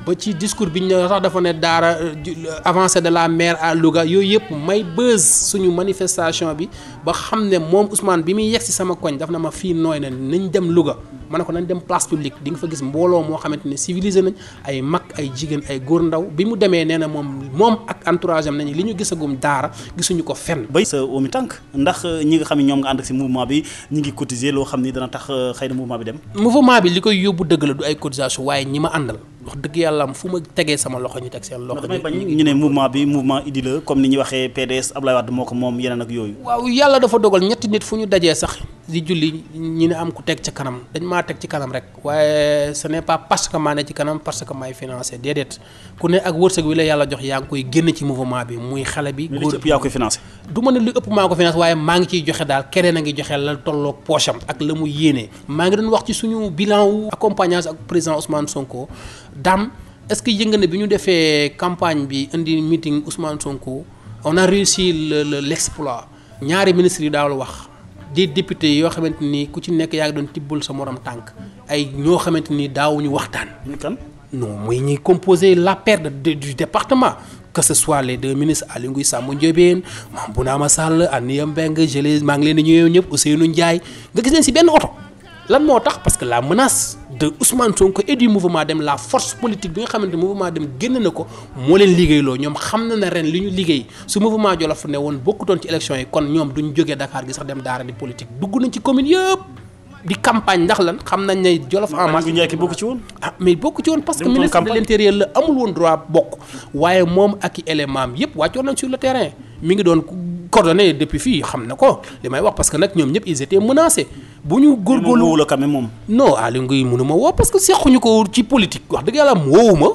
ba ci discours bi ñu sax dafa ne daara euh, avancée de la mer à Louga yooyu yëpp may bës suñu manifestation bi ba xam ne moom Ousmane bi muy yegg si sama koñ daf na ma fii nooy na nañ dem Louga ma ne ko nañ dem place publique di fa gis mbooloo moo xamante ne civilisé nañ ay mag ay jigéen ay góor ndaw bi mu demee nee na moom moom ak entourage nañu li ñu gisagum daara gisuñu ko fenn. bay sa omi tànk ndax euh, ñi nga xam ne ñoom nga ànd ak si mouvement bi ñu ngi cotiser loo xam ni dana tax euh, xëy na mouvement bi dem. mouvement bi li koy yóbbu dëgg la du ay cotisation waaye ñi ma àndal wax dëgg yàlla am fu ma tegee sama loxo ñu teg seen loxo. ñu ne mouvement bi mouvement Idy la comme ni ñuy waxee PDS Abdoulaye Wade moo ko moom yeneen ak yooyu. waaw yàlla dafa dogal ñetti nit fu ñu dajee sax di julli ñi ne am ku teg ca kanam dañ maa teg ci kanam rek waaye ce n'est pas parce que maa ne ci kanam parce que maay financé déedéet ku ne ak wërsëg wi la yàlla jox yaa ngi koy génn ci mouvement bi muy xale bi. góor bi yaa koy financé. du ne lu ëpp maa ko financé waaye maa ngi ciy joxe daal keneen a ngi joxe la tolloog poche am ak la mu yéene. maa ngi doon wax ci suñu bilan wu. accompagnage ak président Ousmane Sonko damm est-ce que yëngu na bi ñu defee campagne bi indi meeting Ousmane Sonko on a réussi le l'exploit ñaari ministres yi daawul wax. di député yoo xamante nii ku ci nekk yaa doon tibbul sa morom tànk ay ñoo xamante ni daawuñu waxtaan. non mooy ñuy composer la paire de du département que ce soit les deux ministres Aly Ngouille Samba Ndiobène Mame Bounama Sall Aniya Mbengue maa ngi leen di ñëw ñëpp Ousseynou Ndiaye nga gis leen ci benn oto lan moo tax parce que la menace de Ousmane Sonko et du mouvement Dem la force politique bi nga xamante mouvement Dem génn na ko moo leen liggéeyloo ñoom xam na ne ren li ñu liggéey su mouvement Jolof ne woon bokkutoon ci élection yi kon ñoom duñ jógee Dakar gi sax dem daara di politique dugg nañ ci commune yëpp di campagne ndax lan xam nañ ne Jolof en masse bokk ci woon ah mais bokk ci woon parce que ministre de l'intérieur la amul woon droit bokk waaye moom ak i élément am yëpp wàccoon nañ sur le terrain mi ngi doon coordonné depuis fii xam na ko li may wax parce que nag ñoom ñëpp ils étaient menacés bu ñu góorgóorlu la quand no moom non Aliou Nguy mënuma woo parce que sequñu ko ci politique wax dëgg yàlla woowu ma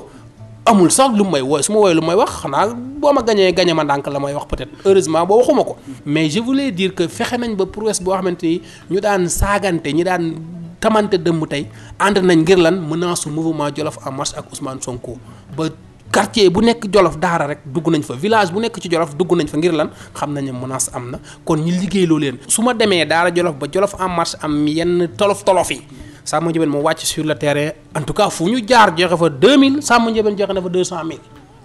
amul sax lu may wooy suma ma lu may wax xanaa boo ma gañee gañe ma ndànk la may wax peut-être heureusement boo waxuma ko mais je diir dire que fexe nañ ba prouesse boo xamante ni ñu daan saagante ñi daan tamante dëmm tey ànd nañ ngir lan menace su mouvement Jolof en marche ak Ousmane Sonko ba quartier bu nekk Jolof daara rek dugg nañ fa village bu nekk ci Jolof dugg nañ fa ngir lan xam nañ ne menace am na kon ñu liggéey loo leen su ma demee daara Jolof ba Jolof en marche am yenn tolof tolof yi Samba Ndiobène moo wàcc sur le terrain en tout cas fu ñu jaar joxe fa 2000 Samba Ndiobène joxe na fa 200000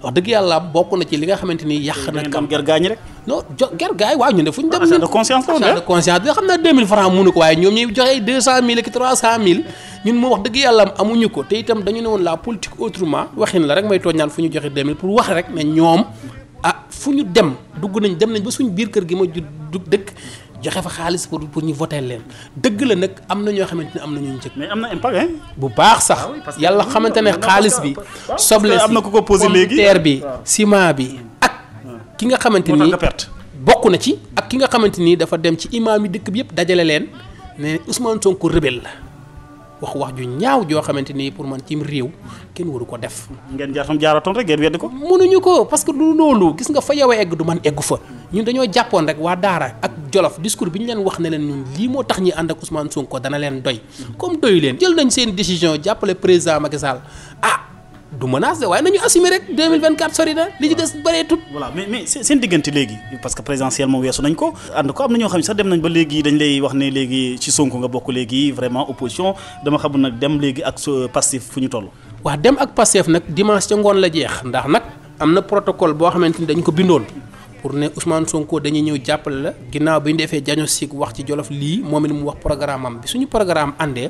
wax dëgg yàlla bokk na ci li nga xamante ni yàq na. kam gergaañ rek. non jo gergaay waaw ñu ne fu ñu dem. de conscience la woon de joxe 200000 fu ñu joxe 2000 pour wax rek ne ñoom ah fu ñu dem dugg nañ dem nañ ba suñu biir kër gi ma ju dëkk joxe fa xaalis pour pour ñu voter leen dëgg la nag am na ñoo xamante ni am na ñu njëkk. am na impact hein. bu baax sax ah yàlla xamante ne xaalis bi. soble si am na ku ko posé léegi terre bi ah. ciment bi ak ki nga xamante ni bokk na ci ak ki nga xamante ni dafa dem ci imaam yi dëkk bi yëpp dajale leen ne Ousmane Sonko rebelle la. wax wax ju ñaaw joo xamante ni pour man cim réew kenn waru ko def. ngeen jaar fam jaaratoon rek ngeen weddi ko. mënuñu ko parce que loolu gis nga fa yow egg du man eggu fa ñun dañoo jàppoon rek waa Daara ak Jolof discours bi ñu leen wax ne ñun lii moo tax ñuy ànd ak Ousmane Sonko dana leen doy. comme doy jël nañ seen décision jàppale président Macky Sall ah. du menace de waaye nañu assumer rek 2024 sori na li ci des bëreetut. voilà mais mais seen diggante léegi parce que présidentiel moom weesu nañ ko ànd ko am na ñoo xam ne sax dem nañ ba léegi dañ lay wax ne léegi ci Sonko nga bokk léegi vraiment opposition dama xamul nag dem léegi ak Pastef fu ñu toll. waaw dem ak Pastef nag dimanche ca ngoon la jeex ndax nag am na protocole boo xamante ni dañ ko bindoon. pour ne Ousmane Sonko dañuy ñëw jàppale la ginnaaw bi ñu defee diagnostic wax ci Jolof lii moom it mu wax programme bi suñu programme àndee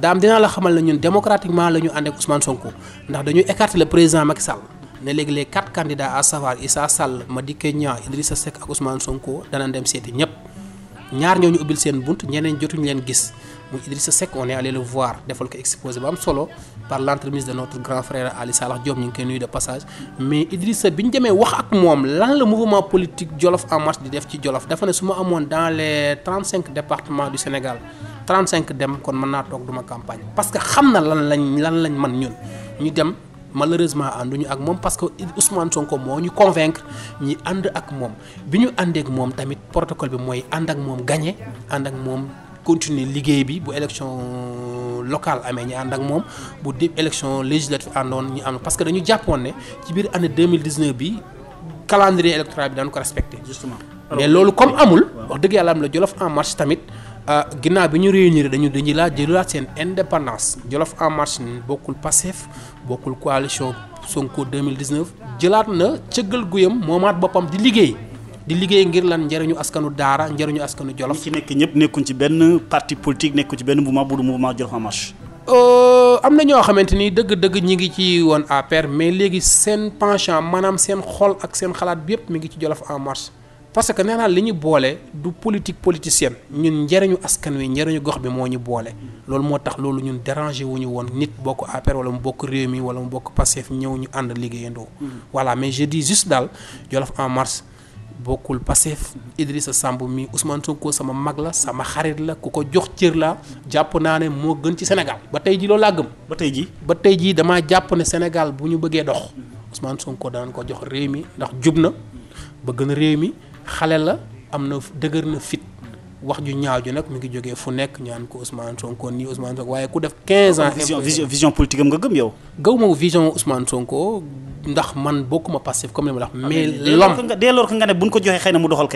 daam dinaa la xamal ne ñun démocratiquement la ñu àndee ak Ousmane Sonko ndax dañuy écarter le président Macky Sall. ne léegi les quatre candidats à savoir Issa Sall Madické Niang Idrissa Seck ak Ousmane Sonko danañ dem seeti ñëpp ñaar ñoo ñu ubbil seen bunt ñeneen jotuñu leen gis muy Idrissa sa on est allé le voir defal ko exposé bu am solo par l'entremise de notre grand frère Ali Salah Diop ñu ngi koy nuyu de passage mais Idrissa bi ñu demee wax ak moom lan la mouvement politique Jolof en marche di def ci Jolof dafa ne su ma amoon dans les trente cinq départements du Sénégal trente cinq dem kon mën naa toog duma campagne parce que xam na lan lañ lan lañ man ñun ñu dem malheureusement ànduñu ak moom parce que Ousmane Sonko moo ñu convaincre ñi ànd ak moom bi ñu àndeek moom tamit protocole bi mooy ànd ak moom gagné ànd ak moom continuer liggéey bi bu élection local amee ñu ànd ak moom bu di élection législative àndoon ñu am parce que dañu jàppoon ne ci biir année 2019 bi calendrier électoral bi dañu ko respecté. justement mais loolu comme amul. wax dëgg yàlla am la Jolof en marche tamit. Euh, ginnaaw bi ñu réunir dañu dañuy laa jëlaat seen indépendance Jolof en marche bokkul Pastef bokkul coalition Sonko 2019 jëlaat na cëggal guyam moomaat boppam di liggéey. di liggéey ngir lan njëriñu askanu daara njëriñu askanu jolof. ñi ci nekk ñëpp nekkuñ ci benn parti politique nekkuñ ci benn mouvement bu du mouvement Jolof en marche. Euh, am na ñoo xamante ni dëgg-dëgg ñi ngi ci woon APR mais léegi seen penchant maanaam seen xol ak seen xalaat yëpp mi ngi ci Jolof en marche parce que nee li ñu boole du politique politicienne ñun njëriñu askan wi njëriñu gox bi moo ñu boole loolu moo tax loolu ñun dérangé wu ñu woon nit bokk APR wala mu bokk réew mi wala mu bokk Pastef ñëw ñu ànd liggéeyandoo. Mm. voilà mais je dis daal Jolof en marche. bokkul Pastef sa Samb mi usmaan Sonko sama mag la sama xarit la ku ko jox cër la jàpp naa ne moo gën ci Sénégal ba tey ji loolu laa gëm. ba tey ji ba tey jii damaa jàpp ne Sénégal bu ñu bëggee dox Ousmane Sonko daan ko jox réew mi ndax jub na bëgg na réew mi xale la am na dëgër na fit. wax ju ñaaw ju nag mi ngi jógee fu nekk ñaan ko Ousmane Sonko nii Ousmane Sonko waaye ku def 15 ans. vision vision vision nga gëm yow. gaw vision Ousmane Sonko ndax man bokkuma passif comme li ma la wax. mais ah, l'homme dès lors que nga ne na mu doxal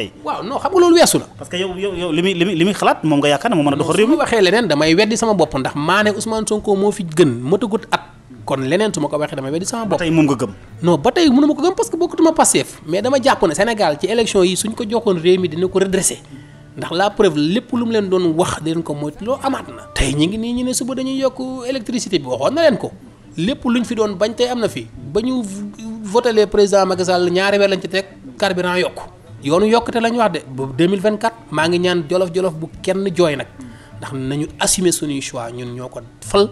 gëm. non ba tey mënu ko gëm parce que bokkutuma mais dama jàpp ne Sénégal ci élection yi suñ ko joxoon réew mi dina ko redressé ndax la preuve lépp lu mu leen doon wax leen ko moytu loo amaat na. tey ñu ngi nii ñu ne suba dañuy yokk électricité bi waxoon na leen ko lépp lu ñu fi doon bañ tey am na fi ba ñu voté président Macky Sall ñaari weer lañ ci teg carburant yokk yoonu yokkute lañ wax de ba 2024 maa ngi ñaan jolof jolof bu kenn jooy nag ndax nañu assumer suñuy choix ñun ñoo ko fal.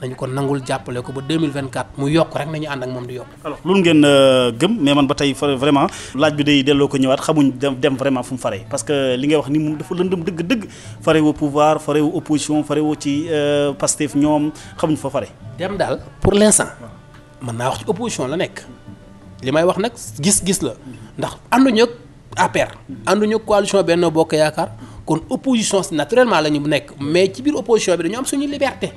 nañu ko nangul jàppale ko ba 2024 mu yokk rek nañu ànd ak moom di yokk alors loolu ngeen euh, gëm mais man ba tey vraiment laaj bi day delloo ko ñëwaat xamuñ dem vraiment fu mu fare parce que li ngay wax ni moom dafa lëndëm dëgg dëgg fare wu pouvoir fare wu opposition fare wu ci euh, fu ñoom xamuñ fa fare dem daal pour l'instant mën naa wax ci opposition la nekk li may wax nag gis-gis la ndax ànduñu ak APR ànduñu ak coalition benn Bokk Yaakaar kon opposition naturellement la bu nekk mais ci biir opposition bi dañu am suñu liberté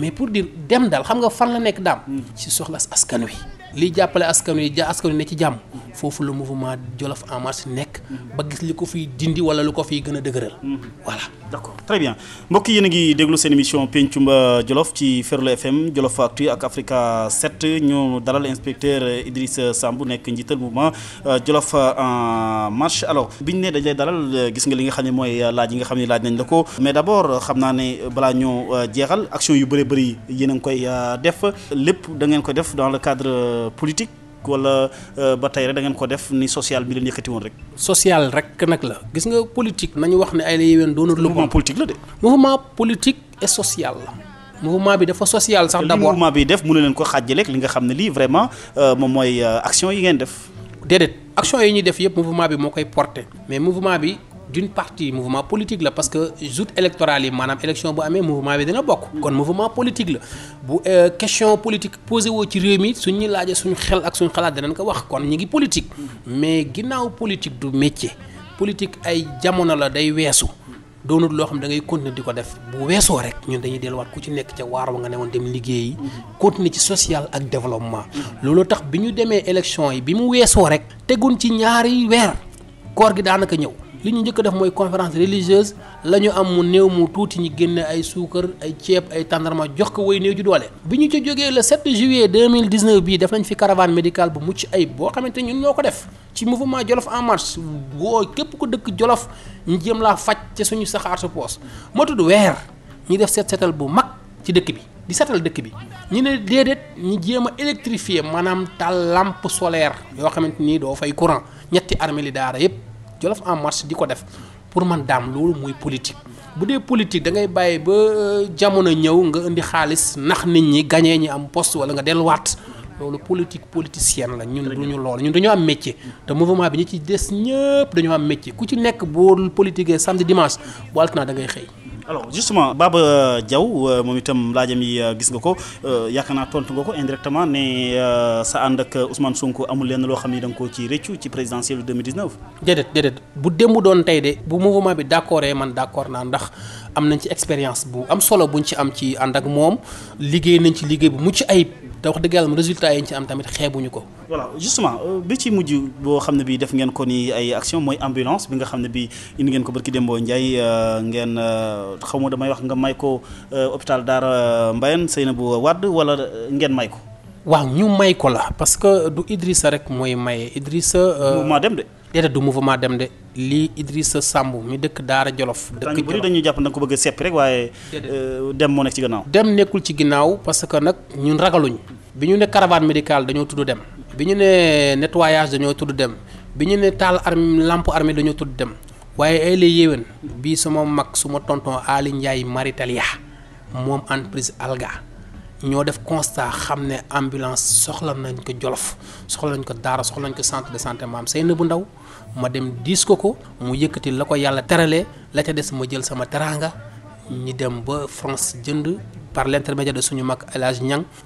mais pour dire dem dal xam nga fan la nekk daam mm. ci soxlas askan wi liy jàppale askan wi ja askan wi ne ci jàmm foofu lu mouvement Jolof en marche nekk ba gis li ko fiy dindi wala lu ko fiy gën a dëgëral mhm. voilà d'accord très bien mbokk yéen ngi déglu seen émission pencum Jolof ci Ferlo FM Jolof Actu ak Africa 7 ñu dalal inspecteur Idrissa Samb nekk njiital mouvement euh, Jolof en marche alors biñ ne dañ lay dalal gis nga li nga xam ne mooy laaj yi nga xam ne laaj nañ la ko mais d'abord xam naa ne balaa ñoo euh, jeexal action yu bëri bëri yéen a ngi koy euh, def lépp da ngeen koy politique wala euh, ba tey rek da ngeen ko def ni social bi leen yëkkati woon rek. social rek nag la gis nga politique nañu wax ne ay la yéwén doon na. mouvement politique la de. mouvement et social la. mouvement bi dafa social sax d'abord mouvement bi def mënu leen ko xàjjaleeg li nga xam ne lii vraiment euh, moom mooy euh, action yi ngeen def. déedéet action yi ñuy def yëpp mouvement bi moo koy porté mais mouvement bi. d'une partie mouvement politique la parce que joute électorale yi maanaam élection bu amee mouvement bi dina bokk. kon mouvement politique la bu euh, question politique posé woo ci réew mi suñ ñu laajee suñu xel ak suñu xalaat danañ ko wax kon ñu ngi politique. mais ginnaaw politique du métier politique ay jamono la day weesu. doonut loo xam da continuer di ko def bu weesoo rek ñoom dañuy delluwaat ku ci nekk ca waar wa nga ne woon dem liggéeyi. continuer ci social ak développement. loolu tax bi yi bi mu weesoo rek. tegun ci ñaari weer koor gi daanaka li ñu njëkk def mooy conférence religieuse la am mu néew mu tuuti ñu génne ay suukar ay ceeb ay tàndarma jox ko way néew ju doole. bi ñu ci jógee le 7 juillet 2019 bii def nañ fi caravane médicale bu mucc ay boo xamante ñun ñoo ko def ci mouvement Jolof en marche woo képp ko dëkk Jolof ñu jéem laa faj ci suñu saxaar su poos moo tudd weer ñu def seet seetal bu mag ci dëkk bi. di setal dëkk bi ñu ne déedéet ñu jéem a électrifier maanaam taal lampe solaire yoo xamante nii doo fay courant ñetti armée li Jolof en marche di ko def pour man daam loolu muy politique bu dee politique da ngay bàyyi ba euh, jamono ñëw nga indi xaalis nax nit ñi gañee ñi am post wala nga delluwaat loolu politique politicienne la ñun ñu lool ñun dañoo am métier te mouvement bi ñu ci des ñëpp dañoo am métier ku ci nekk boo politiquee samedi dimanche bu altine da ngay xëy alors justement Baba Diaw euh, moom itam laajam yi euh, gis nga ko euh, yaakaar naa tontu nga ko indirectement ne sa ànd ak Ousmane sunk amul lenn loo xam ne da nga koo ci rëccu ci présidentielle 2019. déedéet déedéet bu démb doon tey de bu mouvement bi d' accord man d' accord naa ndax am nañ ci expérience bu am solo buñ ci am ci ànd ak moom liggéey nañ ci liggéey bu mucc ayib. te wax dëgg résultat yi ñu ci am tamit xeebuñu ko. voilà justement euh, bi ci mujj boo xam ne bii def ngeen ko ni ay action mooy ambulance bi nga xam ne bii indi ngeen ko barki Dembo Ndiaye euh, ngeen euh, xaw ma damay wax nga may ko hôpital Daara Mbayeen Seynabou wàdd wala ngeen may ko. waaw ñu may ko la parce que du Idrissa rek mooy maye Idrissa. maa dem de. déedéet du mouvement dem de lii Idrissa Samb mi dëkk Daara Jolof. dëkk Jolof dañuy jàpp nag ko bëgg seppi rek waaye. Euh, dem moo nekk ci gannaaw. dem nekkul ci ginnaaw parce que nag ñun ragaluñ. bi ñu ne caravane médical dañoo tudd dem. bi ñu ne nettoyage dañoo tudd dem. bi ñu ne taal arm lampe armée dañoo tudd dem. waaye ay la yéwén. bii sama mag suma tonton Ali Ndiaye Maritalia moom entreprise Alga. ñoo def constat xam ne ambulance soxla nañ ko Jolof soxla nañ ko Daara soxla nañ ko centre de santé maam Seyna bu ndaw. ma dem diis ko ko mu yëkkati la ko yàlla terale la ca des ma jël sama teraanga ñi dem ba France jënd par l'intermédiaire de suñu mag El Hadj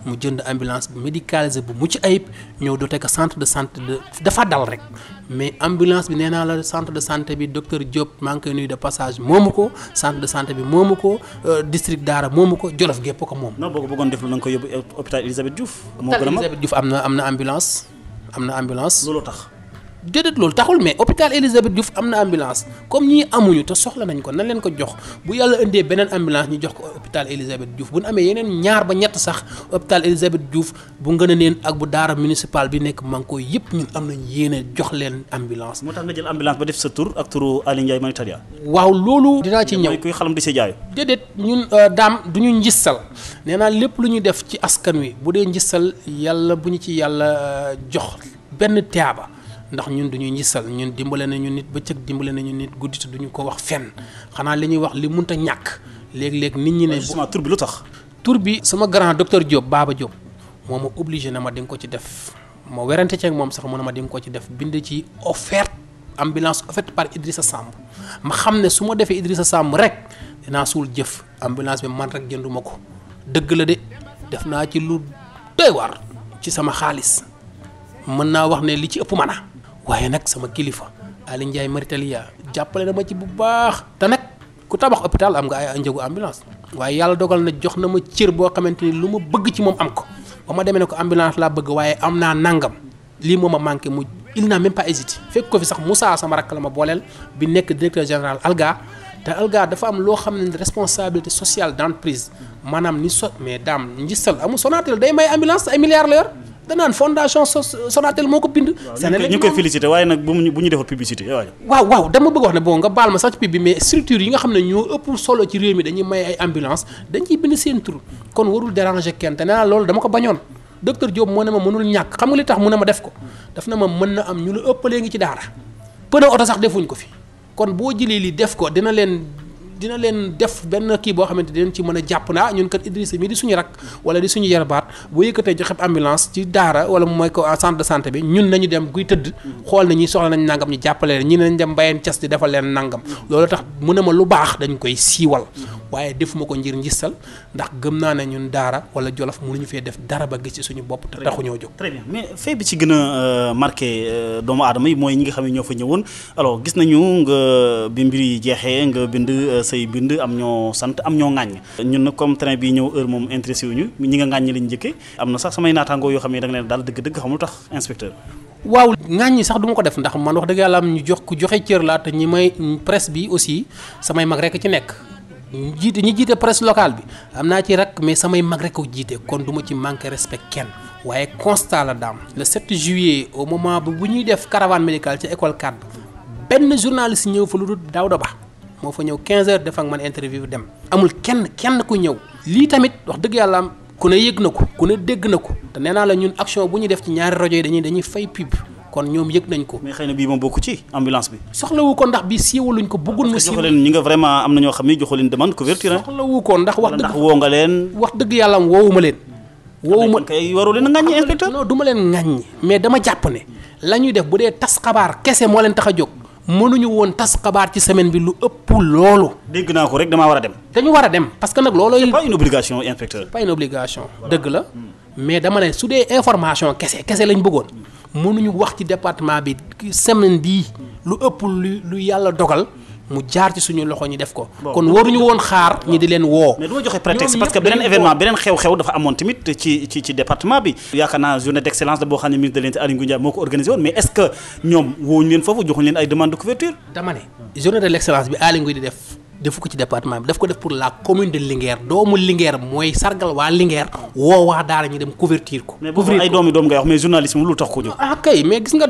mu jënd ambulance bu médicalisée bu ci ayib ñëw doote ko centre de santé de dafa dal rek mais ambulance bi nee naa la centre de santé bi docteur Diop maa ngi koy nuyu de passage moomu ko centre de santé bi moomu ko euh, district Daara moomu ko Jolof gépp ko moom. non boo ko bëggoon def lu na nga koy yóbbu hôpital Elisabeth a am na am na ambulance am na tax. déedéet loolu taxul mais hôpital Elisabeth Diouf am na ambulance comme ñii amuñu te soxla nañ ko nan leen ko jox bu yàlla indee beneen ambulance ñu jox ko hôpital Elisabeth Diouf bu ñu amee yeneen ñaar ba ñett sax hôpital Elisabeth Diouf bu ngën a neen ak bu daara municipal bi nekk Manko yëpp ñun am nañ yéene jox leen ambulance. moo tax na jël ambulance ba def sa tur ak turu Aly Ndiaye Mauritania. waaw loolu. dinaa ci ñëw kuy xalam di si jaay. ñun euh, daam du ñu njissal nee naa lépp lu ñu def ci askan wi bu dee njissal yàlla bu ñu ci yàlla euh, jox benn teaba ndax ñun duñu ñisal ñun dimbale nañu nit bëccëg dimbale nañu nit guddi duñu ko wax fenn xanaa li ñuy wax li munta ñàkk léeg-léeg nit ñi ne. justement tur bi lu tax. tur bi sama grand docteur Diop baaba Diop moo ma obligé na ma di nga ko ci def ma werante ceeg moom sax mu ne ma di nga ko ci def bind ci offerte ambulance offerte par sa Samb ma xam ne su ma defee sa Samb rek dinaa suul jëf ambulance bi man rek jënduma ko dëgg la de def naa ci lu doy waar ci sama xaalis mën naa wax ne li ci ëpp mana waaye nag sama kilifa Aly Ndiaye Maritalia jàppale na ma ci bu baax te nag ku tabax hôpital am nga ay njëgu ambulance waaye yàlla dogal na jox na ma cër boo xamante ni lu ma bëgg ci moom am ko ba ma demee ne ko ambulance laa bëgg waaye am naa nangam lii moom a manqué mu il n'a même pas hésité fekk ko fi sax Moussa sama rakk la ma booleel bi nekk directeur général Alga te Alga dafa am loo xam ne responsabilité sociale d'entreprise maanaam ni so mais daam njistal amul Sonatel day may ambulance ay la danaan fondation Sonatel moo ko bind. Sénégal ñu koy félicité waaye nag bu ñu bu ñu defal publicité waaw waaw dama bëgg wax ne bon nga baal ma sax ci pub bi mais structure yi nga xam ne ñoo ëpp solo ci réew mi dañuy may ay ambulance dañ bind seen tur kon warul déranger kenn te nee naa loolu dama ko bañoon docteur Diop moo ne ma mënul ñàkk xam nga li tax mu ne ma def ko daf na ma mën na am ñu la ëppalee ngi ci daara pneu oto sax defuñ ko fi kon boo dina leen def benn kii boo xamante dinañ ci mën a jàpp naa ah, ñun kat Idrissa mii di suñu rak wala di suñu yarbaat bu yëkkatee joxe ambulance ci daara wala mooy ko ah, centre de santé bi ñun nañu dem guy tëdd xool nañu soxla nañ nangam ñu jàppale leen ñi nañ dem defal leen nangam loolu tax mu ne ma lu baax dañ koy siiwal waaye defuma ko ngir njistal ndax gëm naa ne ñun daara wala jolof mu ñu fee def dara ba gis ci suñu bopp te taxuñoo jóg très mais fee bi ci gën a euh, marqué euh, doomu aadama yi mooy ñi nga xam ne ñoo fa ñëwoon alors gis nañu nga bi mbir jeexee nga bind euh, say bind am ñoo sant am ñoo ŋàññ ñun nag comme train bii ñëw heure moom intéressé wuñu ñi nga ŋàññ lañ njëkkee am na sax samay naataangoo yoo xam ne daal dëgg-dëgg xamul tax inspecteur waaw ŋaañ ñi sax du ma ko def ndax man wax dëgg yàlla am ñu jox ku joxe cër laa te ñi may presse bi aussi samay mag rek ci nekk ñu jiite ñi jiite presse locale bi am naa ci rak mais samay mag rek ko jiite kon du ma ci manqué respect kenn waaye constat la daam le 7 juillet au moment bu bu ñuy def caravane médicale ci école cadre benn journaliste ñëw fa lu dul Daouda moo fa ñëw 15 heures def ak man interview dem amul kenn kenn ku ñëw lii tamit wax dëgg yàlla am ku ne yëg na ko ku ne dégg na ko te nee naa la ñun action bu ñu def ci ñaari rajo yi dañuy dañuy fay pub kon ñoom yëg nañ ko. mais xëy na bii moom bokku ci ambulance bi. soxlawu ko ndax bii siiwaluñ ko bëggun mu siiw joxu leen ñi nga vraiment am na ñoo xam ne joxu leen demande couverture. soxlawu ko ndax wax dëgg ndax leen. wax dëgg yàlla am woowuma leen. woowuma kay waru leen a ŋàññi inspecteur non du ma leen ŋàññi mais dama jàpp la ñuy def bu dee tas xabaar kese moo leen tax a jóg mënuñu woon tas xabaar ci semaine bi lu ëpp loolu. dégg naa ko rek damaa war a dem. dañu war a dem parce que nag looloo. c'est pas une obligation inspecteur. pas dëgg la. Hmm. mais dama ne su dee information kese kese lañ bëggoon. Hmm. mënuñu wax ci département bi semaine bii. lu ëpp lu lu yàlla dogal. mu jaar ci suñu loxo ñi def ko. kon waruñu woon xaar ñi di leen woo. mais du ma joxe prétexte parce que beneen événement beneen xew-xew dafa amoon tamit ci ci ci département bi. yaakaar naa journée d' excellence la boo xam ne ministre de l'Intérieur Aly Ngouille Ndiaye moo ko organisé woon mais est ce que ñoom wooñu leen de couverture. dama ne journée de l' excellence bi Aly Ngouille di def. defu ko ci département bi daf ko def pour la commune de Linguère doomu Linguère mooy sargal waa Linguère woo waa daara ñu dem couverture ko. mais ay doomi doom ngay wax mais journalisme lu tax ko jóg. ah kay mais gis nga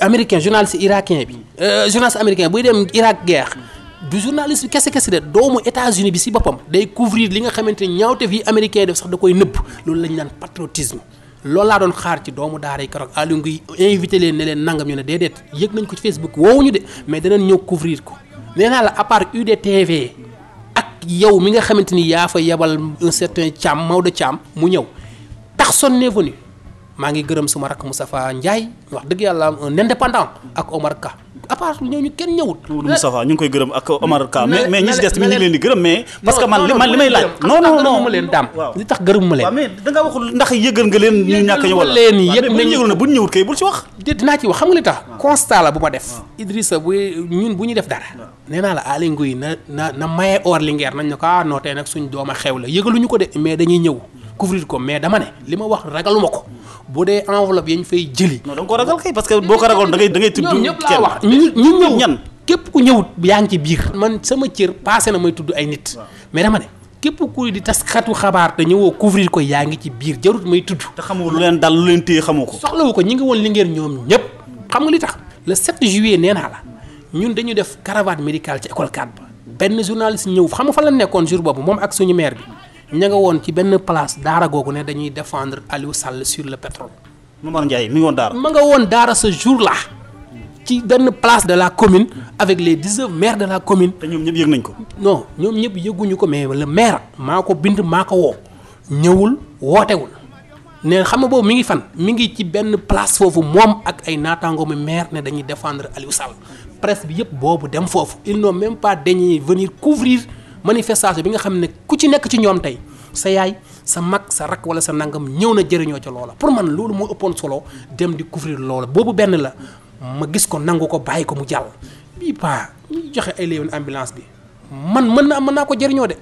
américain journaliste irakien bi euh, journaliste américain buy dem Irak guerre du journaliste bi kese kese de doomu États-Unis bi si boppam day couvrir li nga xamante ne ñaawteef yi américain def sax da koy nëbb loolu la ñu patriotisme loolu laa doon xaar ci doomu daara yi keroog Aliou invité leen ne leen nangam ñu ne déedéet yëg nañ ko ci Facebook woowuñu de mais danañ ñëw couvrir ko nee naa la à part UDTV ak yow mi nga xamante ni yaa fa yebal un certain Thiam Maodo Thiam mu ñëw personne n'est venu maa ngi gërëm suma rakk Moustapha Ndiaye wax dëgg yàlla un indépendant ak Omar Ka à part ñooñu kenn ñëwut. Moustapha ñu ngi koy gërëm ak Omar Ka. mais mais ñi si des tamit ñu ngi leen di gërëm mais. parce que man li man li may laaj. ndax yëgal nga leen. ñu ñàkk ñu wala leen yëg nañ yëgal na bu ñu ñëwut kay bul ci wax. wax xam nga li tax. constat la ma def. Idrissa ñun bu ñu def dara. nee naa la Aly Ngouille na na na maye or li ngeer nañ ne ko ah non nag suñ dooma xew la yëgaluñu ko de mais dañuy ñëw couvrir ko mais dama ne li ma wax ragaluma ko boo dee enveloppe yi ñu fay jëli. non da nga ko ragal kay parce que boo ko ragaloon da dangay da ngay. tudd ñëpp laa ñu ñu ñëw ñan. képp ku ñëwut yaa ngi ci biir. man sama cër passé na may tudd ay nit. mais dama képp ku di tas xatu xabaar te ñëwoo couvrir ko yaa ngi ci biir jarut may tudd. te xamoo lu leen dal lu leen téye xamoo ko. soxlawu ko ñi ngi woon li ngeen ñoom ñëpp. xam nga li tax le 7 juillet nee naa la ñun dañu def caravane médicale ci école 4 ba benn journaliste ñëw xam nga fa la nekkoon jour boobu moom ak suñu maire bi ñu nga woon ci benn place daara googu ne dañuy defendre Aliou Sall sur le pétrole. Momar Ndiaye mi daara. ma nga woon daara ce jour la ci benn place de la commune. avec les dix-neuf maires de la commune. te ñoom ñëpp yëg nañ ko. non ñoom ñëpp yëguñu ko mais le maire. maa ko bind maa ko woo. ñëwul wootewul. ne xam nga boobu mi ngi fan mi ngi ci benn place foofu moom ak ay naataangoomu maire ne dañuy defendre Aliou Sall presse bi yëpp boobu dem foofu. ils n'ont même pas dañuy venir couvrir. manifestation bi nga xam ne ku ci nekk ci ñoom tey sa yaay sa mag sa rak wala sa nangam ñëw na jëriñoo ca loola pour man loolu moo ëppoon solo dem di couvrir loola boobu benn la ma gis ko nangu ko bàyyi ko mu jàll bii paa ñu joxe ay léewoon ambulance bi man mën naa mën naa ko jëriñoo de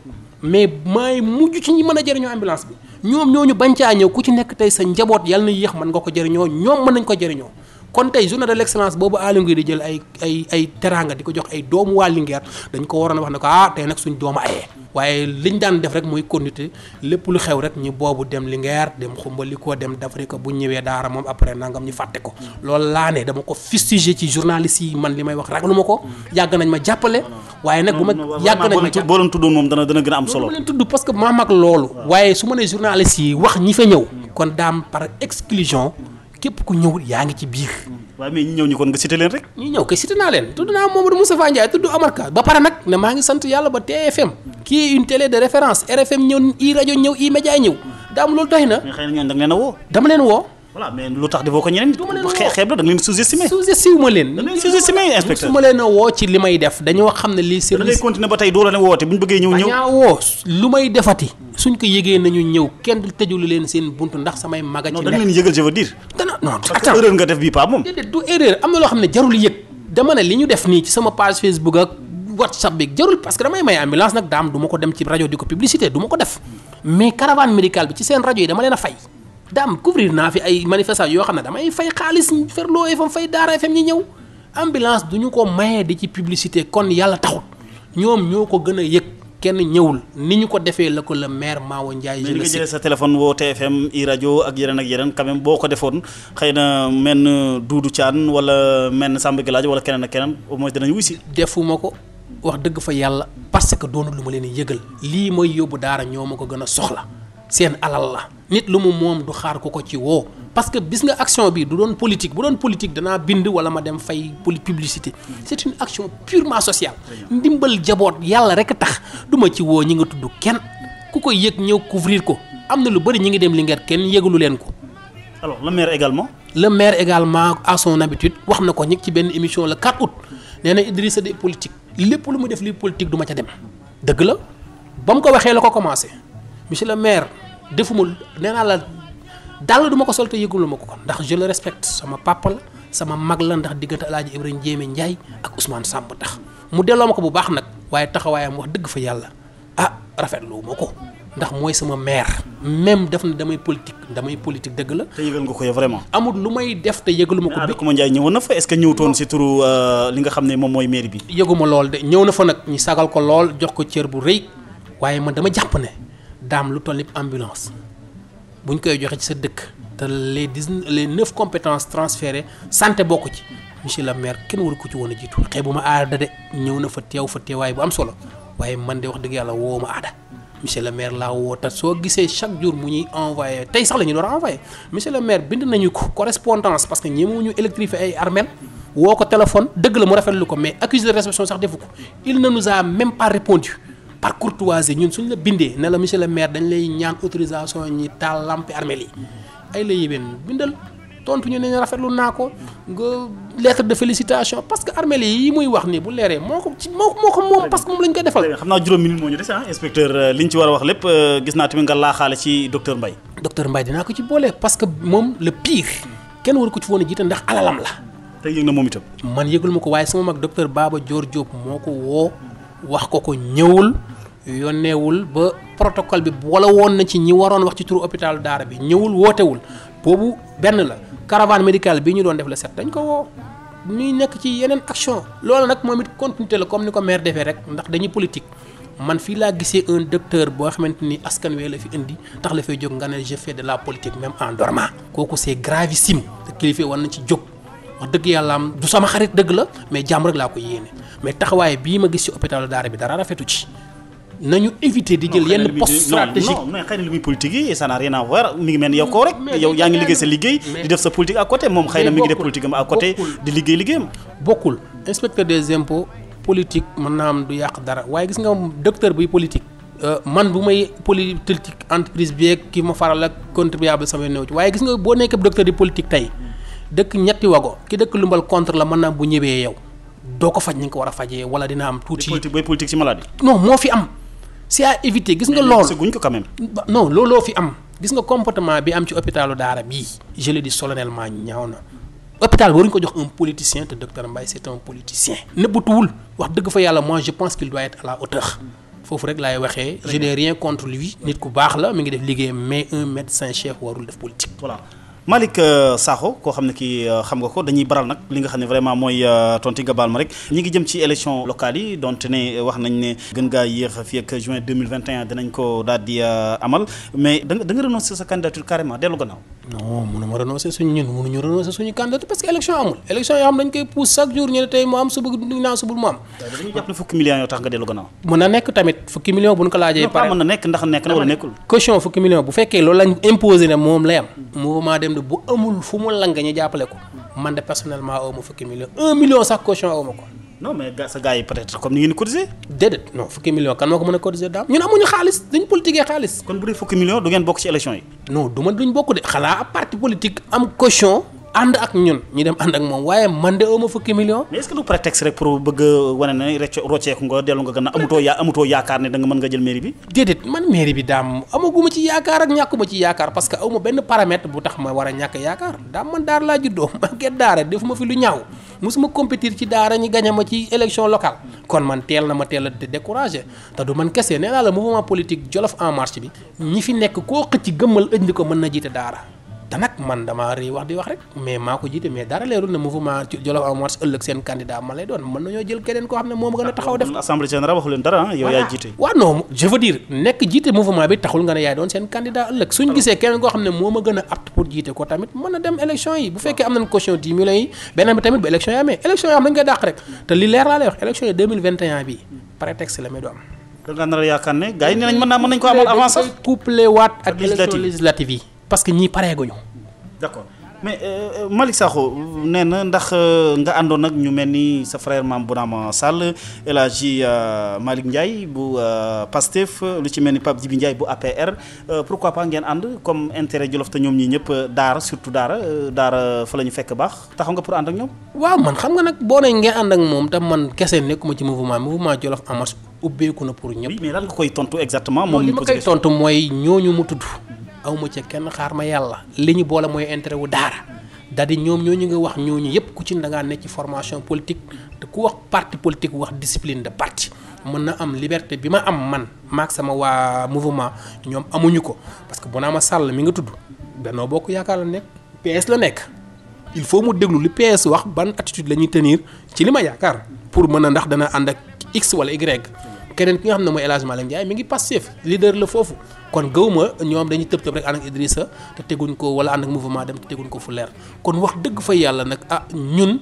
mais maay mujj ci ñi mën a jëriñoo ambulance bi ñoom ñu bañ caa ñëw ku ci nekk tey sa njaboot yal na yéex mën nga ko jëriñoo ñoom mën nañ ko jariñoo kon tey journée de l'excellence boobu Aly Ngouille di jël ay ay ay teraanga di ko jox ay doomu waa Linguère dañ ko waroon a wax na ko ah tey nag suñ doomu ayee waaye liñ daan def rek muy continuité lépp lu xew rek ñu boobu dem Linguère dem li xumbalikoo dem Dafrika bu ñëwee daara moom après nangam ñi fàtte ko loolu laa ne dama ko fustigé ci journaliste yi man li may wax lu ma ko yàgg nañ ma jàppale waaye nag bu ma yàgg nañ ma jàppale boo leen tuddoon moom dana dana gën a am solo leen tudd parce que maa mag loolu waaye su ma ne journaliste yi wax ñi fa ñëw kon daam par exclusion képp ku ñëwul yaa ngi ci biir. waaw mais ñi ñëw ñu kon nga cité leen rek. ñi ñëw kay cité naa leen tudd naa Mamadou Moustapha Ndiaye tudd Amar Ka ba pare nag ne maa ngi sant yàlla ba TFM. kii est une télé de référence RFM ñëw i rajo ñëw i média ñëw. daamu loolu doy na. mais xëy na ñoom da leen a woo. dama leen woo. voilà mais lu tax defoo ko ñeneen. du ma leen woo xeeb la da nga leen sous-estimé. sous-estimé ma leen. da inspecteur su ma leen a woo ci li may def dañoo xam ne lii. service ba tey doo leen woote bu ñu bëggee ñëw ñëw. dañaa woo lu may defati. suñ ko yëgee nañu ñëw kenn tëjulu leen seen bunt ndax samay maga ci nekk non leen yëgal je veux dana nga def bii paa moom. loo xam ne jarul yëg. dama ne li ñu def nii ci sama page Facebook ak WhatsApp bi jarul parce que damay may ambulance nag daam duma ko dem ci rajo di ko publicité du ma ko def mais caravane médicale ci seen rajo yi dama leen fay daam couvrir naa fi ay manifestations yoo xam ne damay fay xaalis Ferlo FM fay Daara FM ñi ñëw ambulance du ñu ko mayee di ci publicité kon yàlla taxut ñoom ñoo ko gën a yëg kenn ñëwul ni ñu ko defee la ko le maire Maowa Ndiaye. je sa téléphone woo TFM i rajo ak yeneen ak yeneen quand boo ko defoon xëy na menn Doudou Thiane wala menn Samba Galaaj wala keneen ak keneen au moins dinañ wuy si. defuma ko wax dëgg fa yàlla parce que doonul lu ma leen yëgal lii may yóbbu Daara ñoo ma ko gën a soxla. seen alal la nit lu mu moom du xaar ko ko ci woo parce que bis nga action bi du doon politique bu doon politique danaa bind wala ma dem fay publicité c'est une action purement sociale ndimbal jaboot yàlla rek tax duma ci woo ñi nga tudd kenn ku ko yëg ñëw couvrir ko am na lu bari ñi ngi dem Linguère kenn yëgalu leen ko. alors le maire également. le maire également à son habitude wax na ko ñi ci benn émission la 4 août nee na Idrissa de politique lépp lu mu def li politique du ma ca dem dëgg la ba mu ko waxee la ko commencé monsieur le maire. defuma nee naa la dàll du ma ko sol te yëgulu ko ndax je le respecte sama papa la sama mag la ndax diggante El Hadj Ibrahima Ndiémé Ndiaye ak Ousmane Samb tax mu delloo ma ko bu baax nag waaye taxawaayam wax dëgg fa yàlla ah rafetlu ma ko ndax mooy sama meer même def na damay politique damay politique dëgg la. te yëgal nga ko yow vraiment. amul lu may def te yëgalu ma ko. Ah, bi Adama Ndiaye ñëwoon na fa est-ce que ñëwutoon si turu euh, li nga xam ne moom mooy maire bi. yëgu ma de ñëw na fa nag ñu sagal ko lool jox ko cër bu rëy waaye man dama jàpp ne. daam lu toll ni ambulance ñu koy joxe ci sa dëkk te les dix les neuf compétences transférées santé bokk ci monsieur le maire kenn waru ko ci woon a jiitu xëy bu ma aada de ñëw na fa teew fa teewaay bu am solo waaye man de wax dëgg yàlla woo ma aada monsieur le maire laa woo te soo gisee chaque jour mu ñuy envoyé tey sax la ñu door a envoyé monsieur le maire bind nañu ko correspondance parce que ñemewuñu électrifier ay armel woo ko téléphone dëgg la mu rafetlu ko mais accusé de sax defu ko il ne nous même pas répondu par courtoisie ñun suñ la bindee ne la monsieur le maire dañ lay ñaan autorisation ñi taal lampi ay la yébeen bindal tontu ñu ne rafetlu naa ko nga lettre de félicitation parce que armel yi muy wax nii bu leeree moo ko ci moo ko moom parce que lañ koy defal. xam naa juróom minute moo ñu des ah inspecteur euh, liñ war a wax lépp euh, gis naa tamit nga laaxaale ci docteur Mbaye. docteur Mbaye dinaa ko ci boole parce que moom le pire kenn war ko ci woon a jiite ndax alalam la. tey yëg na moom itam. man yëgul ma ko waaye sama mag docteur baaba joor Diop moo ko woo wax ko ko ñëwul. yónneewul ba protocole bi boole woon na ci ñi waroon wax ci turu hôpital Daara bi ñëwul wootewul boobu benn la caravane médicale bi ñu doon def la set dañ ko woo ñuy nekk ci yeneen action loolu nag moom it continuer la comme ni ko maire defee rek ndax dañuy politique man fii laa gisee un docteur boo xamante ni askan wee la fi indi tax la fay jóg nga ne je de la politique même en dormant kooku c'est gravissime te kilifa war na ci jóg wax dëgg yàlla am du sama xarit dëgg la mais jàmm rek laa ko yéene mais taxawaay bii ma gis ci hôpital Daara bi dara rafetu ci nañu éviter di jël yenn poste stratégique non mais xëy na li muy politique yi ça n'a rien ngi mel ni yow koo rek yaa ngi liggéey sa liggéey di def sa politique à côté moom xëy na mi ngi def politique am à côté di liggéey liggéeyam bokkul inspecteur des impôts politique mën naa am du yàq dara waaye gis nga docteur buy politique euh, man bu may politique entreprise bi ak ki ma faral ak contribuable sama néew ci waaye gis nga boo nekkee docteur di politique tey dëkk ñetti wago ki dëkk lumbal contre la mën naa bu ñëwee yow doo ko faj ni ko war a fajee wala dina am tuuti. politique booy politique ci maladie. moo fi am. c'est à gis nga loolu guñ ko quand même. non looloo fi am gis nga comportement bi am ci hôpitalu daara bii je le dis ñaaw na hôpital waruñu ko jox un politicien te docteur Mbaye c'est un wax dëgg fa yàlla moi je pense qu'il doit être à foofu rek laay waxee. je n'ai rien contre lui. nit ku baax la mu ngi def liggéeyam mais un médecin chef warul def politique. Malick euh, Sakho koo xam ne kii euh, xam nga ko dañuy baral nag li nga xam ne vraiment mooy euh, tonti nga baal ma rek ñi ngi jëm ci élection locale yi donte ne wax nañ ne gën ngaa yéex fii ak juin dinañ ko daal amal mais da renoncer sa candidature carrément dellu gannaaw. non mënuma na nekk tamit fukki millions bu ñu ko laajee. pare mën na nekk ndax nekk na wala nekkul. question fukki millions bu fekkee loolu lañ imposé ne moom lay am hmm. mouvement dem ànd bu amul fu mu lang ñu jàppale ko man de personnellement aw fukki million un million sax caution aw ko. non mais sa gars yi comme ni ngeen di cotiser. déedéet non fukki million kan moo ko mën a cotiser daam ñun amuñu xaalis dañu politiquer xaalis. kon bu dee fukki million du ngeen bokk ci élection yi. non du ma duñ bokk de xanaa ab parti am caution. ànd ak ñun ñu dem ànd ak moom waaye man de ma fukki million mais est-ce que du prétexte rek pour bëgg a wane ne rocceeku nga dellu nga gën a amutoo yaakaar ne da mën nga jël mairie bi déedéet man mairie bi daam amaguma ci yaakaar ak ñàkkuma ci yaakaar parce que awma benn paramètre bu tax ma war a ñàkk yaakaar daam man daar laa juddoo <laughs> màgget daara defuma fi lu ñaaw musuma compétir ci daara ñi gañe ma ci élection local kon man teel na ma teel a découragé te du man kese nee naa la mouvement politique Jolof en marche bi ñi fi nekk koo xëcc gëmmal ëndi ko mën na jiite daara te man damaa rëy wax di wax rek mais maa ko jiite mais dara leerul ne mouvement Jolof en marche ëllëg seen candidat ma lay doon mën nañoo jël keneen koo xam ne moom gën ah, ah, gën a apte pour jiite ko tamit mën a dem élection yi bu fekkee am nañ caution 10 millions yi beneen bi tamit ba élection yi amee élection yi am nañ dàq rek te li leer laa lay wax élection yi 2021 bi prétexte la may do am da nga nar a yaakaar yi nee nañ mën nañ ko amal avance couplé waat parce que ñii pareeguñu. d'accord mais euh, euh, Malick Sakho nee na ndax euh, nga àndoon nag ñu mel ni sa frère bu Bounama Sall El Hadji euh, Malick Ndiaye bu Pastef lu ci mel ni Pape Djibi Ndiaye bu APR pourquoi pas ngeen ànd comme intérêt Jolof te ñoom ñii ñëpp daara surtout daara daara fa la ñu fekk baax taxaw nga pour ànd ak ñoom. waaw man xam nga nag boo nee ngeen ànd ak moom te man kese nekkuma ci mouvement mouvement Jolof en marche ubbeeku na pour ñëpp. oui mais lan koy tontu exactement. moom li ma koy tontu mooy ñooñu mu tudd. awma ca kenn xaar ma yàlla li ñu boole mooy intérêt wu daara daal di ñoo ñu ngi wax ñooñu yëpp ku ci da nekk ci formation politique te ku wax parti politique wax discipline de parti mën na am liberté bi ma am man maag sama waa mouvement ñoom amuñu ko parce que bu naa ma sàll mi nga tudd Benno Bokk Yaakaar la nekk PS la nekk il faut mu déglu li PS wax ban attitude la ñuy tenir ci li ma yaakaar pour mën a ndax dana ànd ak x wala y keneen ki nga xam ne mooy El Hadj Malick Ndiaye mi ngi passif leader la foofu kon gëwuma ñoom dañu tëb tëb rek ànd ak Idrissa te ko wala ànd ak mouvement dem te teguñ ko fu leer kon wax dëgg fa yàlla nag ah ñun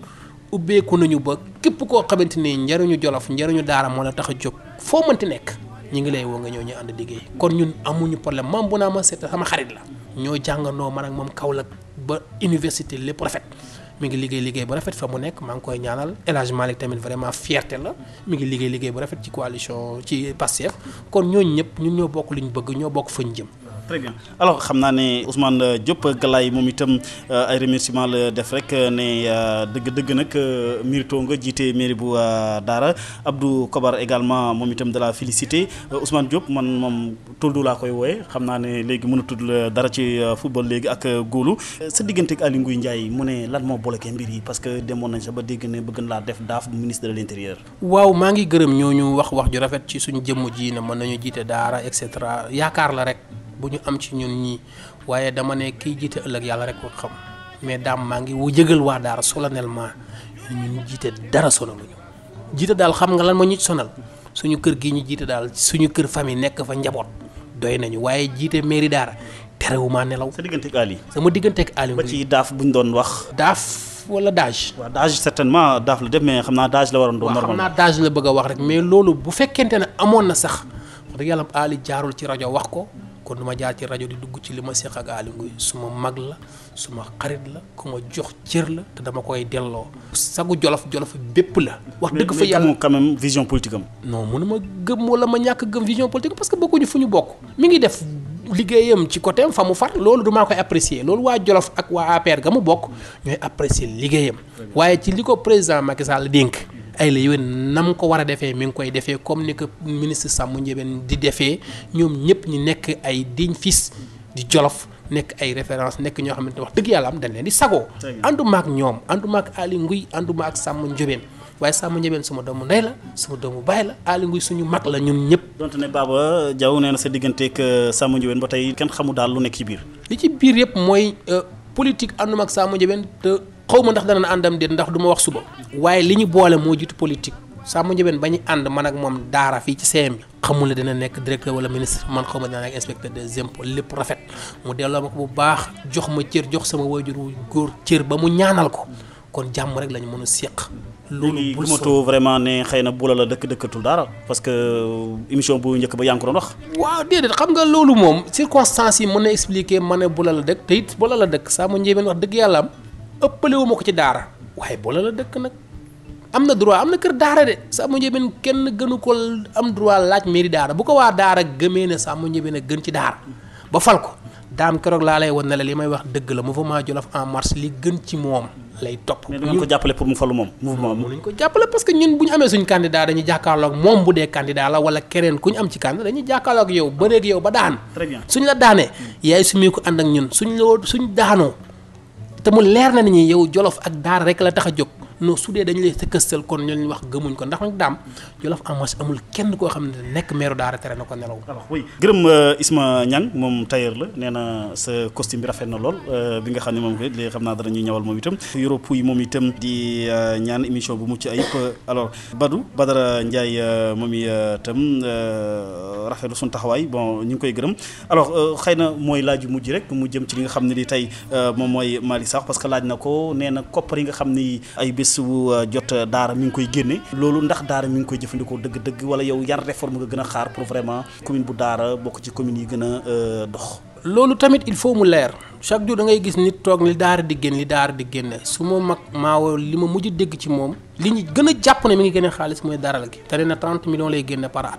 ubbeeku nañu ba képp koo xamante ni njariñu Jolof njariñu Daara moo la tax a jóg foo mënti nekk ñu ngi lay woo nga ñëw ñu ànd liggéey kon ñun amuñu problème maam bu naa ma seet sama xarit la ñoo jàngandoo man ak moom Kaolack ba université lépp rafet mi ngi liggéey liggéey bu rafet fa mu nekk maa ngi koy ñaanal El Hadj Malick tamit vraiment fierté la mi ngi liggéey liggéey bu rafet ci coalition ci Pastef kon ñooñu ñëpp ñun ñoo bokk li bëgg ñoo bokk fa ñu jëm très alors xam naa ne usman Diop Galaye moom itam euh, ay remerciements la def rek euh, ne dëgg-dëgg euh, nag mérito nga jiite mairie bu Daara Abdou Kobar également moom itam de la félicité usman Diop man moom toldu laa koy wooye xam naa ne léegi mënatul dara ci football léegi ak góolu sa diggante ak Aly Ngouille Ndiaye mu ne lan moo bloqué mbir yi parce que demoon nañ sax ba dégg ne bëgg na laa def daaf ministre de l'intérieur. waaw maa ngi gërëm ñoo ñu wax wax ju rafet ci suñu jëmm jii ne mën nañu jiite Daara et cetera yaakaar la rek. bu ñu am ci ñun ñii waaye dama ne kiy jiite ëllëg yàlla rek ko xam mais daam maa ngi wu jëgal waa daara solennellement ñun jiite dara sonaluñu jiite daal xam nga lan ma ñu sonal suñu kër gi ñu jiite daal suñu kër famille nekk fa njaboot doy nañu waaye jiite mairie daara terewuma nelaw. sa digganteeg yi sama digganteeg Aliou. ba ci daaf bu ñu doon wax. daaf. wala dage. waaw dage certainement daaf la def mais xam naa dage la waroon doon. normal naa dage la bëgg a wax rek mais loolu bu fekkente ne amoon na sax yàlla Ali jaarul ci rajo wax ko kon du ma jaar ci rajo di dugg ci li ma seq ak Aliou Ngouye suma mag la suma xarit la ku ma jox cër la te dama koy delloo. sagu jolof jolof bépp la. wax dëgg fa yàlla mais quand même vision politique am. non mënuma gëm wala ma ñàkk gëm vision politique parce que bokkuñu fu ñu bokk. mi ngi def liggéeyam ci côté fa mu far loolu du maa koy apprécier loolu waa jolof ak waa APR ga mu bokk ñooy apprécier liggéeyam. waaye ci li ko président Macky Sall dénk. ay la yéwén nam ko war a defee mi ngi koy defee comme ni ko ministre Samba Ndiébène di defee ñoom ñëpp ñi nekk ay digne fils di jolof nekk ay référence nekk ñoo xamante wax dëgg yàlla am dañ leen di sagoo ànduma ak ñoom ànduma ak Aly Ngouille ànduma ak waaye Samba Ndiébène suma doomu ndey la suma bu baay la Aly Ngouille suñu mag la ñun ñëpp donte ne Baba Diaw nee na sa digganteeg euh, Samba Ndiébène ba tey kenn xamu daal lu nekk ci biir li ci biir yëpp mooy euh, politique ànduma ak Samba Ndiobène te xaw ma ndax dana na àndam déet ndax duma ma wax suba. waaye li ñu boole moo jiitu politique Samba Ndiobène ba ñu ànd man ak moom daara fii ci CM bi. xamul ne dina nekk directeur wala ministre man xaw ma dina nekk inspecteur des impôts lépp rafet mu delloo ma ko bu baax jox ma cër jox sama waajur wu góor cër ba mu ñaanal ko kon jàmm rek lañu mën a séq. léegi gisatoo vraiment ne xëy na boola la dëkk dëkkatul dara parce que émission bu njëkk ba yaa ngi ko doon wax. waaw déedéet xam nga loolu moom circonstances yi mën na expliquer ma ne bula la dëkk te it bula la dëkk saa mu njëbeen wax dëgg yàlla am ëppale ma ko ci daara waaye boola la dëkk nag am na droit am na kër daara de saa ma njëbeen kenn gënu ko am droit laaj mairie daara bu ko waa daara gëmee ne saa ma njëbeen a gën ci daara ba fal ko. daam keroog laa lay wan ne li may wax dëgg la mouvement Jolof en marche li gën ci moom lay topp. ko jàppale pour mu falu moom mouvement bi. dinañ ko jàppale parce que ñun bu ñu amee suñu candidat dañuy jàkkaarloog moom bu dee candidat la wala keneen ku ñu am ci candidat dañuy jàkkaarloog yow bëreeg yow ba daan. très bien suñ la daanee. yaay sumee ko ànd ak ñun suñ la suñ daanoo te mu leer na ni yow Jolof ak Daara rek la tax a jóg. non su dee dañu lay tëkkastal kon ñu wax gëmuñ ko ndax nag daam Jolof en masse amul kenn koo xam ne nekk meeru daara tere na ko nelaw. alors euh, la nee na sa costume bi rafet na lool euh, bi nga xam ne moom léegi xam naa dana ñuy ñëwal moom itam. Europe yi moom itam di euh, ñaan émission bu mucc ayib alors Badou Badara Ndiaye moom itam rafetlu suñu taxawaay bon ñu ngi koy gërëm alors xëy na mooy laaj yu mujj mu jëm ci li nga xam ne ni tey moom mooy Malick Sakho yi nga xam ni ay bés bis wu euh, jot euh, mi ngi koy génne loolu ndax daara mi ngi koy jëfandikoo dëgg-dëgg wala yow yan réforme nga gën a xaar pour vraiment commune bu daara bokk ci commune yi gën a euh, dox loolu tamit il faut mu leer chaque jour da ngay gis nit toog li daara di génn li di génne su ma mag maawo li ma mujj dégg ci moom li ñu gën a jàpp ne mi ngi génne xaalis mooy daral gi te nee na 30 millions lay génne par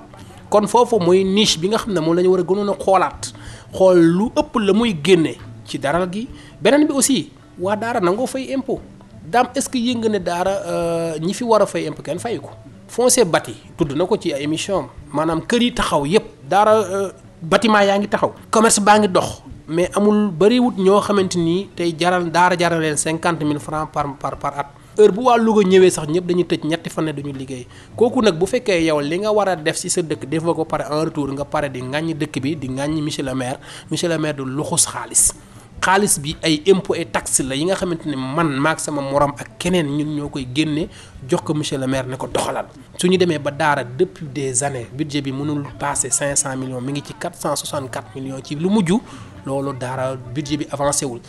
kon foofu mooy niche bi nga xam ne moom la ñu war a gënoon a xoolaat xool lu ëpp la muy génne ci daral gi beneen bi aussi waa daara nangoo fay impôt daam est-ce que yëngu ne daara euh, ñi fi war a fay impôt kenn fay ko foncier bati tudd na ko ci émission maanaam kër yi taxaw yépp daara euh, bâtiment yaa ngi taxaw commerce baa ngi dox mais amul bëriwut ñoo xamante nii tey jaral daara jaral leen cinquante mille francs par par par at heure bu waa Louga ñëwee sax ñëpp dañuy tëj ñetti fan ne duñu liggéey kooku nag bu fekkee yow li nga war a def ci sa dëkk def nga ko pare en retour nga pare di ŋàññ dëkk bi di ŋàññ monsieur le maire monsieur xaalis xaalis bi ay impôt et taxe la yi nga xamante ni man maak sama morom ak keneen ñun ñoo koy génne jox ko monsieur le maire ne ko doxalal su ñu demee ba daara depuis des années budget bi mënul passé 500 millions mi ngi ci 464 millions ci lu mujj. loolu dara budget bi avancé wul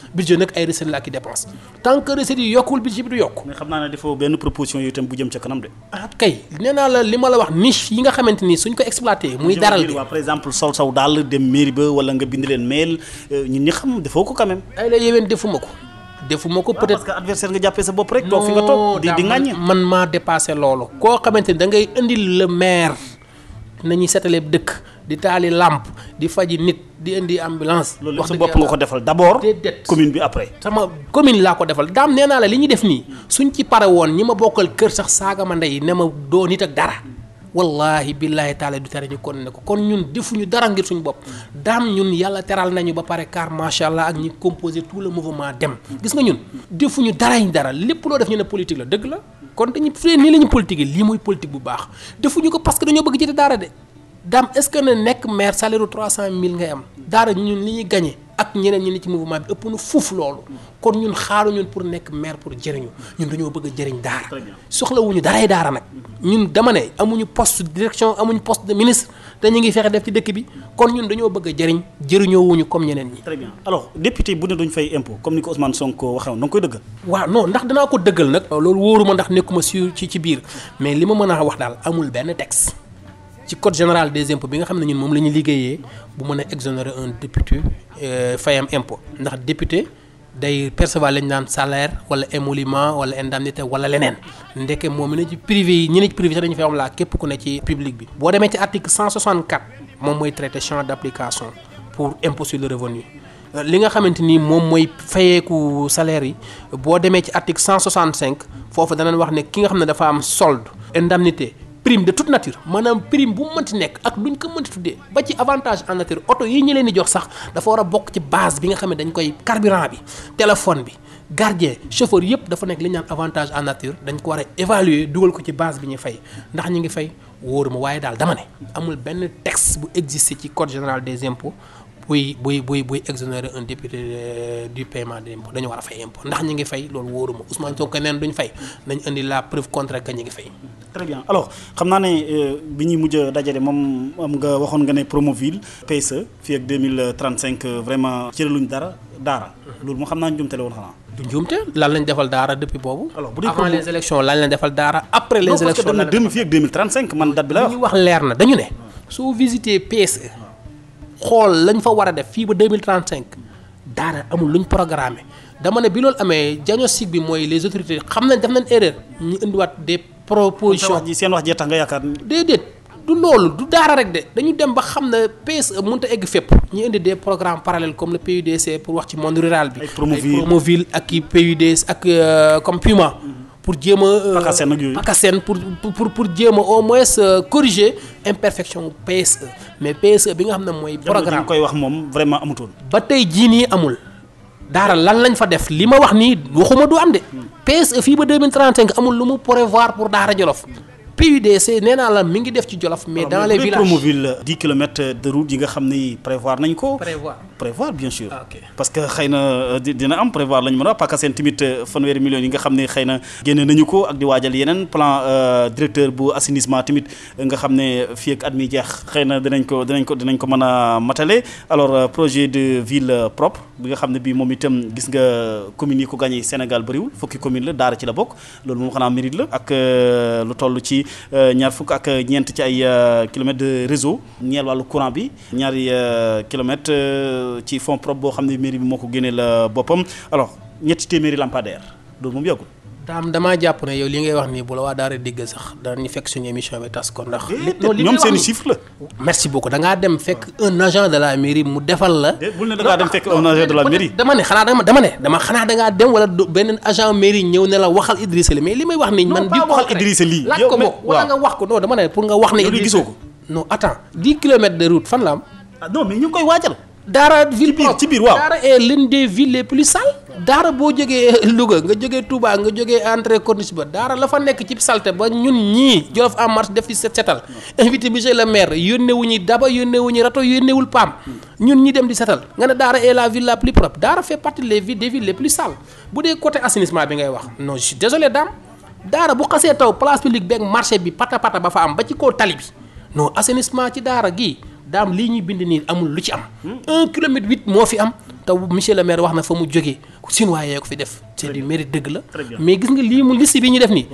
nag ay recettes la ak i dépense tant que recettes yi yokkul budget bi du yokk. mais xam naa ne defoo benn proposition yi itam bu jëm ca kanam de. ah kay nee naa la li ma la wax niche yi nga xamante ni suñ ko exploité. muy daral bi par exemple sol saw daal dem mairie ba wala nga bind leen mail euh, ñun ñi xam defoo ko quand même. ay la yéwén defuma ko. defuma ko ah, peut-être parce que adversaire nga jàppee sa bopp rek. toog fi nga toog di di man maa dépassé loolu. koo xamante ni da ngay indil le maire nañuy setale dëkk di taali làmp di faji nit. di indi ambulance. loolu sa bopp nga ko defal d'abord. commune bi après. sama commune laa ko defal daam nee naa la li ñu def nii suñ ci pare woon ñi ma bokkal kër sax saaga ma ndey ne ma doo nit ak dara. wallahi billahi taala du tere ñu kon ne ko kon ñun defuñu dara ngir suñu bopp daam ñun yàlla teral nañu ba pare car macha allah ak ñi composé tout le mouvement dem. gis nga ñun defuñu ñu dara lépp loo def ñu ne politique la dëgg la kon dañu fii nii la ñu politique lii mooy politique bu ko parce que dañoo bëgg jëte de. dam est-ce que ne nekk maire salaire ru 300000 ngay am daara ñun li ñu gagné ak ñeneen ñi ni ci mouvement bi ëpp nu fuuf loolu kon ñun xaaru ñun pour nekk maire pour jëriñu ñun dañoo bëgg a jëriñ daara soxlawuñu daray daara nag ñun dama ne amuñu poste direction amuñu poste de ministre te ñu ngi fexe def ci dëkk bi kon ñun dañoo bëgg a jëriñ jëriñoowuñu comme ñeneen ñi. très bien alors député bu ne duñ fay impôt comme ni ko Ousmane Sonko waxee woon da nga koy dëggal. ko dëggal nag. loolu wóoruma ndax nekkuma sur ci ci biir mais li ma mën a wax daal amul benn texte. ci code général des impôts bi nga xam ne ñun moom la ñu liggéeyee bu mën a exonérer un député euh, am impôt ndax député day percevoir lañu naan salaire wala émolument wala indemnité wala leneen ndeke moom ne ci privé yi ñi ne ci privé sax dañu fay am laa képp ku ne ci public bi. boo demee ci article 164 moom mooy traité champ d' application pour impôt sur li nga xamante ni moom mooy fayeeku salaire yi boo demee ci article 165 foofu danañ wax ne ki nga xam ne dafa am solde indemnité. prime de tout nature maanaam prime bu mënti nekk ak duñ ko mënti tuddee ba ci avantage en nature oto yi ñu leen di jox sax dafa war a bokk ci base bi nga xam ne dañ koy carburant bi téléphone bi gardien chauffeur yëpp dafa nekk li ñu avantage en nature dañ ko war a évaluer dugal ko ci base bi ñu fay ndax ñu ngi fay wóoruma waaye daal dama ne amul benn texte bu exister ci code général des impôts buy buy buy buy exonérer un député euh, du paiement de l'impôt dañu war a fay impôt ndax ñi ngi fay loolu wóoruma Ousmane Sonko neen duñ fay nañ indi la preuve contre que ñi ngi fay. très bien alors xam naa ne euh, bi ñuy mujj dajale moom am nga waxoon nga ne Promoville PSE fii ak deux mille trente cinq euh, vraiment cëraluñ dara daara. loolu moo xam naa njumtale woon xanaa. du njuumte lan lañ defal daara depuis boobu. alors bu dee avant les élections lan lañ defal daara après les. élections lan lañ defal non parce que dem na man date bi la wax. ñu wax leer na dañu ne. soo visité xool lañ fa war a def fii ba deux mille trente cinq daana amul luñ programmé dama ne bi loolu amee diagnostic bi mooy les autorités xam nañ def nañ erreur ñu indiwaat des propositions wax ji seen wax jee nga yaakaar déedéet du loolu du daara rek de dañu dem ba xam ne pes e mun a egg fépp. ñu indi des programmes parallèles comme le PUDC pour wax ci monde rural bi. ay Promoville ak i PUDC ak euh, comme Puma. Mm-hmm. pour jéem a. Euh, pakaseen ak yooyu pakaseen pour pour pour jéem a au moins corriger imperfection PSE mais PSE bi nga xam ne mooy. programme koy wax moom vraiment amutoon. ba tey jii nii amul. daara lan lañ fa def li ma wax nii waxuma du am de. Hmm. PSE fii ba 2035 amul lu mu prévoir pour Daara Jolof. PUDC nee naa la mi ngi def ci Jolof mais dans les villages yi nga xam ni prévoir nañ ko. prévoir prévoir bien sûr. Ah, parce que xëy na euh, dina am prévoir lañ mën a parce que seen tamit euh, fanweeri millions yi nga xam ne xëy na génne nañu ko ak di waajal yeneen plan euh, directeur bu assainissement tamit nga xam ne fi ak at mi jeex xëy na dinañ ko dinañ ko dinañ ko mën a matale alors projet de ville propre bi nga xam ne bii moom itam gis nga communes yi ko gagné Sénégal bëriwul fukki commune la Daara ci la bokk loolu moom xanaa mérite la ak lu toll ci. ci euh, ñaar fukk ak ñeent ci ay euh, kilomètres de réseau ñeel wàllu courant bi ñaari euh, kilomètres ci fonds propre boo xam ne mairie bi moo ko génneel boppam alors ñetti téeméeri lampadaire loolu moom yàggul daam damaa jàpp ne yow li ngay wax nii bu la waa daara dégg sax danañu fekk suñu émission bi tas ko ndax. Eh, ñoom seen chiffre la. merci beaucoup da ngaa dem fekk un agent de la mairie mu defal la. Eh, bul da ngaa dem fekk un agent de dama ne xanaa dama dama ne dama xanaa da dem wala beneen agent mairie ñëw ne la waxal Idrissa Ly mais li may wax nii. man di waxal Idrissa Ly laaj ko ko wala nga wax ko non dama ne pour nga wax ne. Idrissa gisoo ko non attends dix kilomètres de route fan la am. ah non ñu ngi koy waajal daara ville propre ci biir waaw daara est l'une des villes les plus sales daara boo jógee <laughs> Louga nga jógee Touba nga jógee entrée corniche ba daara la fa nekk ci salte ba ñun ñii Jolof en marche def ci set setal invité monsieur le maire yónne wu ñu daba yónne wu ñu rato yónnewul paam ñun ñi dem di setal nga ne daara est la ville la plus propre daara fait partie des villes des villes les plus sales bu dee côté assainissement bi ngay wax non je suis désolé dame daara bu xasee taw place publique beeg bi pata pata ba am ba ci kaw tali bi non assainissement ci daara gii daam lii ñuy bind nii amul lu ci am. un kilomètre huit moo fi am. te monsieur le maire wax na fa mu jógee Sinoa yee ko fi def. c'est du mérite dëgg la. mais gis nga lii mu liste bi ñu def nii.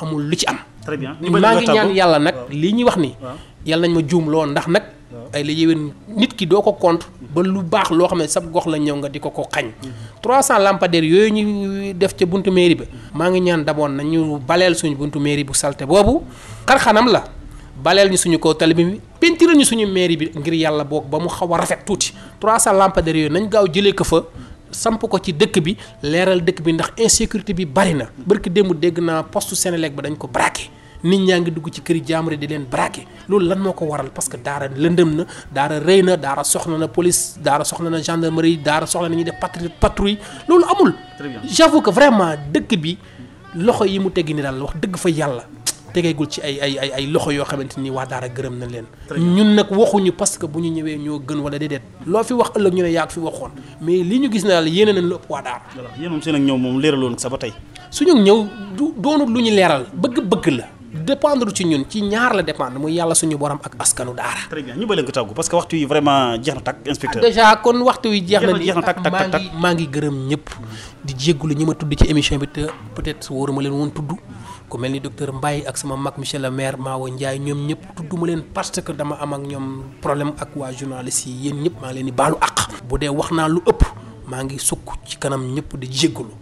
amul lu ci am. très bien maa ngi ñaan yàlla nag lii ñuy wax nii. yàlla nañ ma juum lool ndax nag. ay la yéwén nit ki doo ko compte ba lu baax loo xam ne sab gox la ñëw nga di ko ko xañ. 300 mhm. lampadaires yooyu ñuy def ca buntu mairie ba. maa ngi ñaan daboon nañu baleel suñu buntu mairie bu salte boobu xarxanam la. baleel ñu suñu ko tali bi pentiral ñu suñu mairie bi ngir yàlla boog ba mu xaw a rafet tuuti 300 lampadaires yooyu nañ gaaw jëlee ko fa samp ko ci dëkk bi leeral dëkk bi ndax insécurité bi bari na barki démb dégg naa poste Senelec ba dañ ko braqué nit ñaa ngi dugg ci këri jaamure di leen braqué loolu lan moo ko waral parce que daara lëndëm na daara rëy na daara soxla na police daara soxla na gendarmerie daara soxla na ñuy def patrouille patrouille loolu amul. très bien vraiment dëkk bi loxo yi mu teggi ni daal wax dëgg fa yàlla. tegeegul ci ay ay ay ay loxo yoo xamante ni waa daara gërëm na leen ñun nag waxuñu parce que bu ñu ñëwee ñoo gën wala déedéet loo fi wax ëllëg ñu ne yaa fi waxoon mais li ñu gis na daal yéene nañ lu ëpp waa daara yéen seen ak ñëw moom leeraloon sa tey suñu ñëw du doonul lu ñu leeral bëgg-bëgg la dépendre ci ñun ci ñaar la dépendre muy yàlla suñu borom ak askanu daara. très bien ñu bëri ko parce que waxtu yi vraiment jeex na tàkk inspecteur. Ah, déjà kon jeex na jeex na tàkk tàkk maa ngi gërëm ñëpp. di jéggulu ñi ma tudd ci émission bi te peut-être wóoruma leen woon tudd. ku mel ni docteur Mbaye ak sama mag monsieur le maire Maowa Ndiaye ñoom ñëpp tudduma leen parce que dama am ak ñoom problème ak waa journaliste yi yéen ñëpp maa leen di baalu àq. bu dee wax naa lu ëpp maa ngi sukk ci kanam ñëpp di jéggalu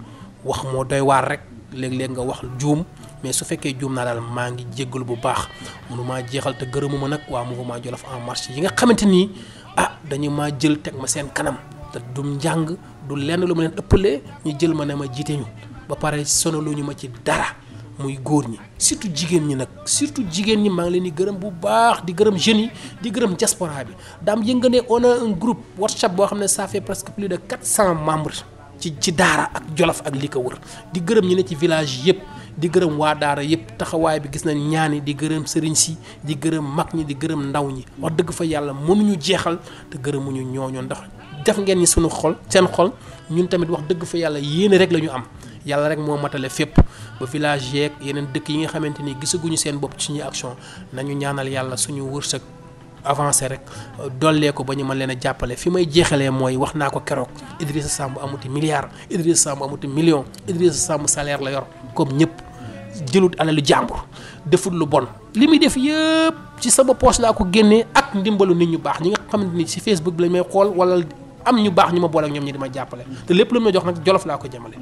wax moo doy waar rek léeg-léeg nga wax juum mais su fekkee juum naa daal maa ngi jéggalu bu baax maa jeexal te gërëmuma nag waa mouvement Jolof en marché yi nga xamante ni ah dañu maa jël teg ma seen kanam te du njàng du lenn lu ma leen ëppalee ñu jël ma ne ma jiite ñu ba pare lu ñu ma ci dara. muy góor ñi surtout jigéen ñi nag surtout jigéen ñi maa ngi leen di gërëm bu baax di gërëm jeunes yi di gërëm diaspora bi daam yënga ne on a un groupe WhatsApp boo xam ne ça fait presque plus de quatre cent membres ci ci daara ak jolof ak li ko wër di gërëm ñi ne ci village yëpp di gërëm waa daara yëpp taxawaay bi gis nañ ñaani di gërëm sëriñ si di gërëm mag ñi di gërëm ndaw ñi wax dëgg fa yàlla mënuñu jeexal te gërëmuñu ñooñu ndax def ngeen ñi sunu xol seen xol ñun tamit wax dëgg fa yàlla yéene rek la ñu am yàlla rek moo matale fépp ba village yeeg yeneen dëkk yi nga xamante ni gisaguñu seen bopp ci suñuy action nañu ñaanal yàlla suñu wërsëg avancé rek dollee ko ba ñu ma leen jàppale fi may jeexalee mooy wax naa ko keroog Idrissa Samb amuti milliard Idrissa Samb amuti million Idrissa Samb salaire la yor comme ñëpp jëlut alalu jàmbur deful lu bon li muy def yëpp ci sama poche laa ko génnee ak ndimbalu nit ñu baax ñi nga xamante ni ci Facebook bi lañ may xool wala am ñu baax ñu ma boole ak ñoom ñi di jàppale te lépp lu ma jox nag jolof laa ko jëmale.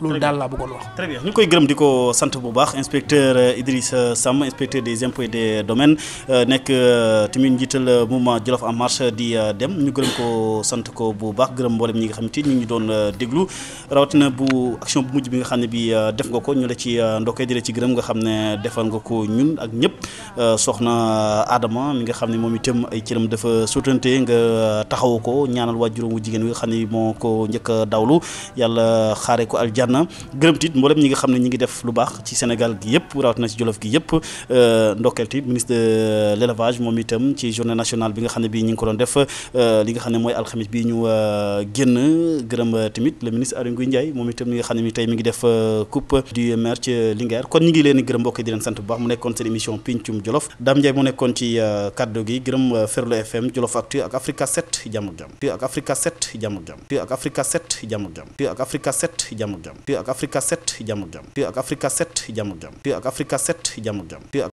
loolu daal laa bëggoon wax. très bien ñu ngi koy gërëm di ko sant bu baax inspecteur euh, Idrissa Sam inspecteur des impôts et des domaines euh, nekk euh, tamit njiital mouvement Jolof am marche di dem ñu gërëm ko sant ko bu baax gërëm mboolem ñi nga xam te ñu ngi doon déglu rawatina bu action bu mujj bi nga xam ne bi def nga ko ñu la ci ndokkee di ci gërëm nga xam ne defal nga ko ñun ak ñëpp soxna Adama mi nga xam ne moom itam ay cëram dafa sotante nga taxawu ko ñaanal waa wu jigéen wi nga xam ne moo ko njëkk a dawlu yàlla xaare ko aljanna jar na gërëm tiit mboolem ñi nga xam ne ñi ngi def lu baax ci Sénégal gi yëpp rawatina ci Jolof gi yëpp euh, ndokkeel tiit ministre de l'élevage moom itam ci journée nationale bi nga xam ne bii ñu ngi ko doon def euh, li nga xam ne mooy alxamis bi ñu euh, génn gërëm tamit le ministre Aly Ngouille moom itam li nga xam ne mi tey mi ngi def coupe du maire ci Linguère kon ñi ngi leen di gërëm mbokk di leen sant bu baax mu nekkoon seen émission Pencum Jolof Dame Ndiaye mu nekkoon ci kaddu gi gërëm Ferlo FM Jolof Actu ak Africa 7 jàmm ak jàmm ak Africa 7 jàmm fii ak Africa 7 jàmm ak jàmm fii ak Africa 7 jàmm ak jàmm fii ak Africa 7 jàmm ak jàmm